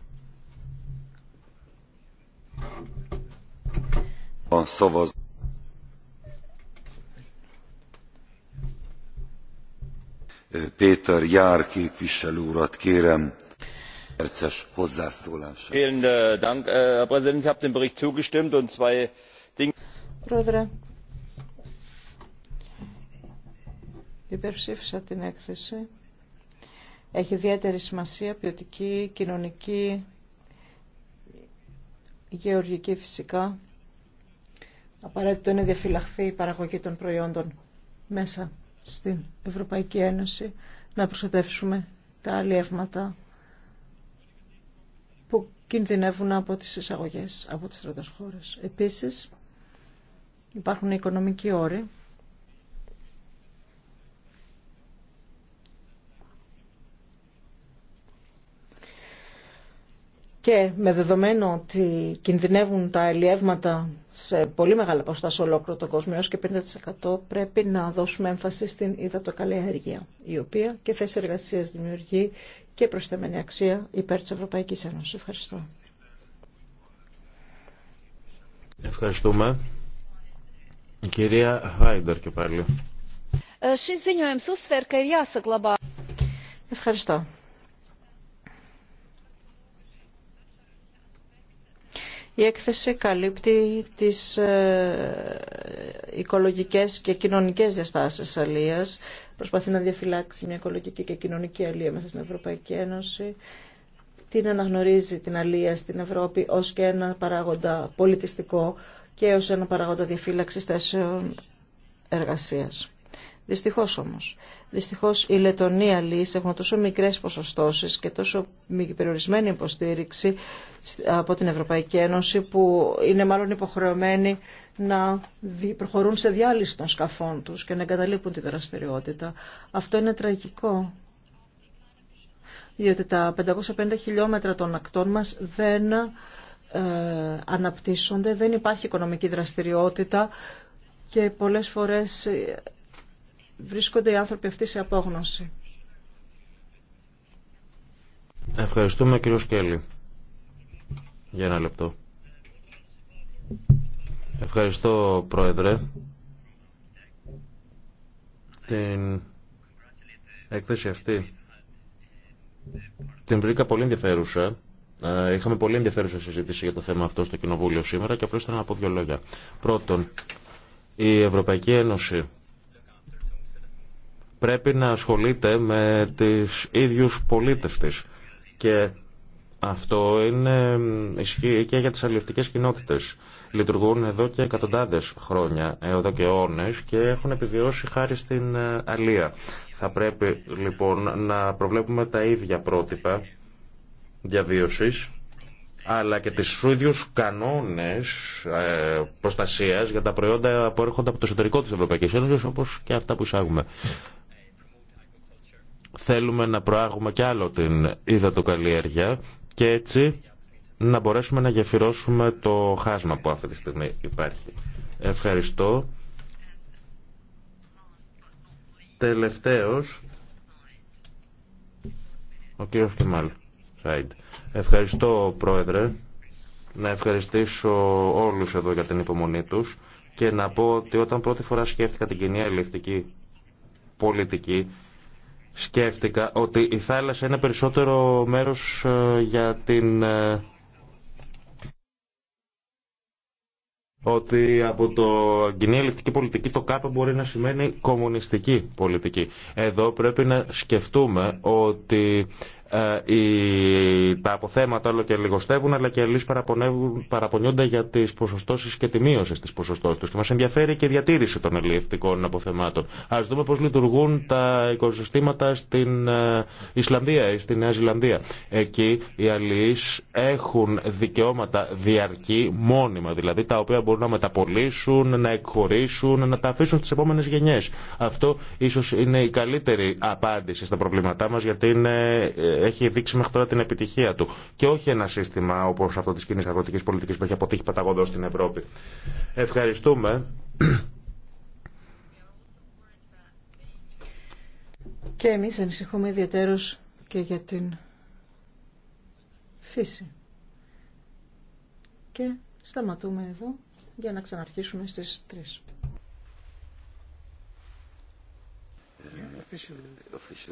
S1: Péter ε, äh,
S3: äh, képviselő Πρόεδρε, υπερψήφισα την έκθεση. Έχει ιδιαίτερη σημασία ποιοτική, κοινωνική, γεωργική φυσικά. Απαραίτητο είναι διαφυλαχθεί η παραγωγή των προϊόντων μέσα στην Ευρωπαϊκή Ένωση να προστατεύσουμε τα αλλιεύματα που κινδυνεύουν από τις εισαγωγές από τις τρίτες χώρες. Επίσης υπάρχουν οικονομικοί όροι και με δεδομένο ότι κινδυνεύουν τα ελιεύματα σε πολύ μεγάλα ποστά σε ολόκληρο τον κόσμο, έως και 50% πρέπει να δώσουμε έμφαση στην υδατοκαλλιέργεια, η οποία και θέση εργασία δημιουργεί και προσθεμένη αξία υπέρ της Ευρωπαϊκής Ένωσης. Ευχαριστώ.
S1: Ευχαριστούμε. κυρία Χάιντερ και πάλι.
S3: Ε, Ευχαριστώ. Η έκθεση καλύπτει τις ε, οικολογικές και κοινωνικές διαστάσεις αλίας. Προσπαθεί να διαφυλάξει μια οικολογική και κοινωνική αλία μέσα στην Ευρωπαϊκή Ένωση. Την αναγνωρίζει την αλία στην Ευρώπη ως και ένα παράγοντα πολιτιστικό και ως ένα παράγοντα διαφύλαξης θέσεων εργασίας. Δυστυχώς όμως. Δυστυχώς η Λετωνία έχουν τόσο μικρές ποσοστώσεις και τόσο περιορισμένη υποστήριξη από την Ευρωπαϊκή Ένωση που είναι μάλλον υποχρεωμένοι να προχωρούν σε διάλυση των σκαφών τους και να εγκαταλείπουν τη δραστηριότητα. Αυτό είναι τραγικό διότι τα 550 χιλιόμετρα των ακτών μας δεν ε, αναπτύσσονται, δεν υπάρχει οικονομική δραστηριότητα και πολλές φορές ε, βρίσκονται οι άνθρωποι αυτοί σε απόγνωση.
S1: Ευχαριστούμε κύριο Σκέλη. Για ένα λεπτό. Ευχαριστώ πρόεδρε. Την έκθεση αυτή την βρήκα πολύ ενδιαφέρουσα. Είχαμε πολύ ενδιαφέρουσα συζήτηση για το θέμα αυτό στο Κοινοβούλιο σήμερα και απλώ ήθελα να πω δύο λόγια. Πρώτον, η Ευρωπαϊκή Ένωση πρέπει να ασχολείται με τις ίδιους πολίτες της. Και αυτό είναι ισχύει και για τις αλληλευτικές κοινότητες. Λειτουργούν εδώ και εκατοντάδες χρόνια, εδώ και αιώνες και έχουν επιβιώσει χάρη στην ε, αλία. Θα πρέπει λοιπόν να προβλέπουμε τα ίδια πρότυπα διαβίωσης αλλά και τις ίδιους κανόνες ε, προστασίας για τα προϊόντα που έρχονται από το εσωτερικό της Ευρωπαϊκής Ένωσης όπως και αυτά που εισάγουμε. Θέλουμε να προάγουμε κι άλλο την υδατοκαλλιέργεια και έτσι να μπορέσουμε να γεφυρώσουμε το χάσμα που αυτή τη στιγμή υπάρχει. Ευχαριστώ. Τελευταίος, ο κύριος Κιμάλ. Ευχαριστώ, Πρόεδρε. Να ευχαριστήσω όλους εδώ για την υπομονή τους και να πω ότι όταν πρώτη φορά σκέφτηκα την κοινή αλληλευτική πολιτική σκέφτηκα ότι η θάλασσα είναι περισσότερο μέρος ε, για την... Ε, ότι από το κοινή πολιτική το ΚΑΠΑ μπορεί να σημαίνει κομμουνιστική πολιτική. Εδώ πρέπει να σκεφτούμε ότι ε, τα αποθέματα όλο και λιγοστεύουν, αλλά και οι παραπονιούνται για τι ποσοστώσει και τη μείωση τη ποσοστώσεις του. Και μα ενδιαφέρει και η διατήρηση των ελληνικών αποθεμάτων. Α δούμε πώ λειτουργούν τα οικοσυστήματα στην ε, Ισλανδία ή στη Νέα Ζηλανδία. Εκεί οι αλληλεί έχουν δικαιώματα διαρκή, μόνιμα δηλαδή, τα οποία μπορούν να μεταπολίσουν, να εκχωρήσουν, να τα αφήσουν στι επόμενε γενιέ. Αυτό ίσω είναι η καλύτερη απάντηση στα προβλήματά μα, γιατί είναι έχει δείξει μέχρι τώρα την επιτυχία του. Και όχι ένα σύστημα όπω αυτό τη κοινή αγροτική πολιτική που έχει αποτύχει παταγωδό στην Ευρώπη. Ευχαριστούμε.
S3: Και εμεί ανησυχούμε ιδιαίτερω και για την φύση. Και σταματούμε εδώ για να ξαναρχίσουμε στις
S4: 3.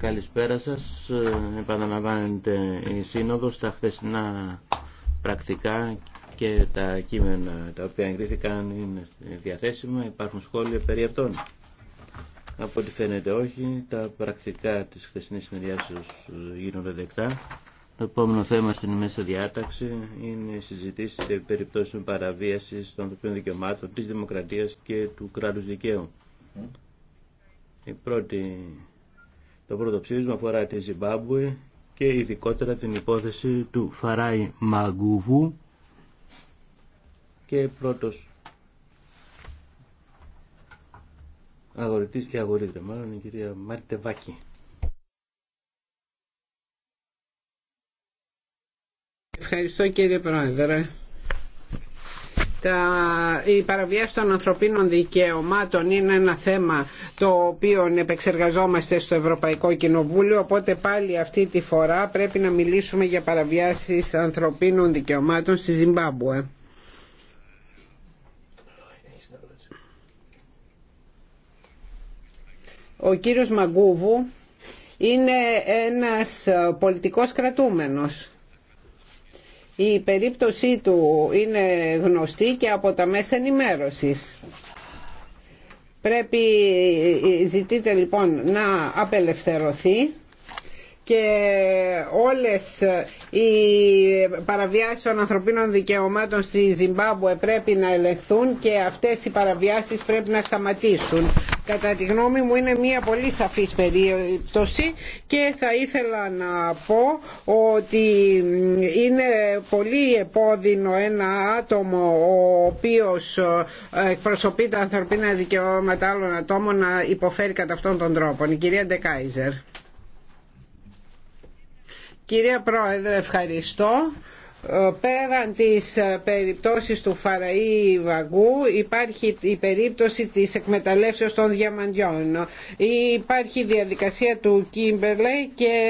S1: Καλησπέρα σας. Επαναλαμβάνεται η Σύνοδος. Τα χθεσινά πρακτικά και τα κείμενα τα οποία εγκρίθηκαν είναι διαθέσιμα. Υπάρχουν σχόλια περί αυτών. Από ό,τι φαίνεται όχι. Τα πρακτικά της χθεσινής συνεδριάσεως γίνονται δεκτά. Το επόμενο θέμα στην μέσα διάταξη είναι οι συζητήσει σε περιπτώσεων παραβίαση των ανθρωπίνων δικαιωμάτων, τη δημοκρατία και του κράτου δικαίου. Η πρώτη, το πρώτο ψήφισμα αφορά τη Ζιμπάμπουε και ειδικότερα την υπόθεση του Φαράι
S4: Μαγκούβου
S1: και πρώτος αγορητής
S2: και αγορήτρια μάλλον η κυρία Μαρτεβάκη. Ευχαριστώ κύριε Πρόεδρε η παραβίαση των ανθρωπίνων δικαιωμάτων είναι ένα θέμα το οποίο επεξεργαζόμαστε στο Ευρωπαϊκό Κοινοβούλιο οπότε πάλι αυτή τη φορά πρέπει να μιλήσουμε για παραβιάσεις ανθρωπίνων δικαιωμάτων στη Ζιμπάμπουε. Ο κύριος Μαγκούβου είναι ένας πολιτικός κρατούμενος η περίπτωσή του είναι γνωστή και από τα μέσα ενημέρωσης. Πρέπει, ζητείτε λοιπόν να απελευθερωθεί και όλες οι παραβιάσεις των ανθρωπίνων δικαιωμάτων στη Ζιμπάμπουε πρέπει να ελεγχθούν και αυτές οι παραβιάσεις πρέπει να σταματήσουν. Κατά τη γνώμη μου είναι μια πολύ σαφής περίπτωση και θα ήθελα να πω ότι είναι πολύ επώδυνο ένα άτομο ο οποίος εκπροσωπεί τα ανθρωπίνα δικαιώματα άλλων ατόμων να υποφέρει κατά αυτόν τον τρόπο. Η κυρία Ντεκάιζερ. Κυρία Πρόεδρε, ευχαριστώ. Ε, πέραν της ε, περιπτώσεις του Φαραή Βαγκού υπάρχει η περίπτωση της εκμεταλλεύσεως των διαμαντιών. Υπάρχει η διαδικασία του Κίμπερλε και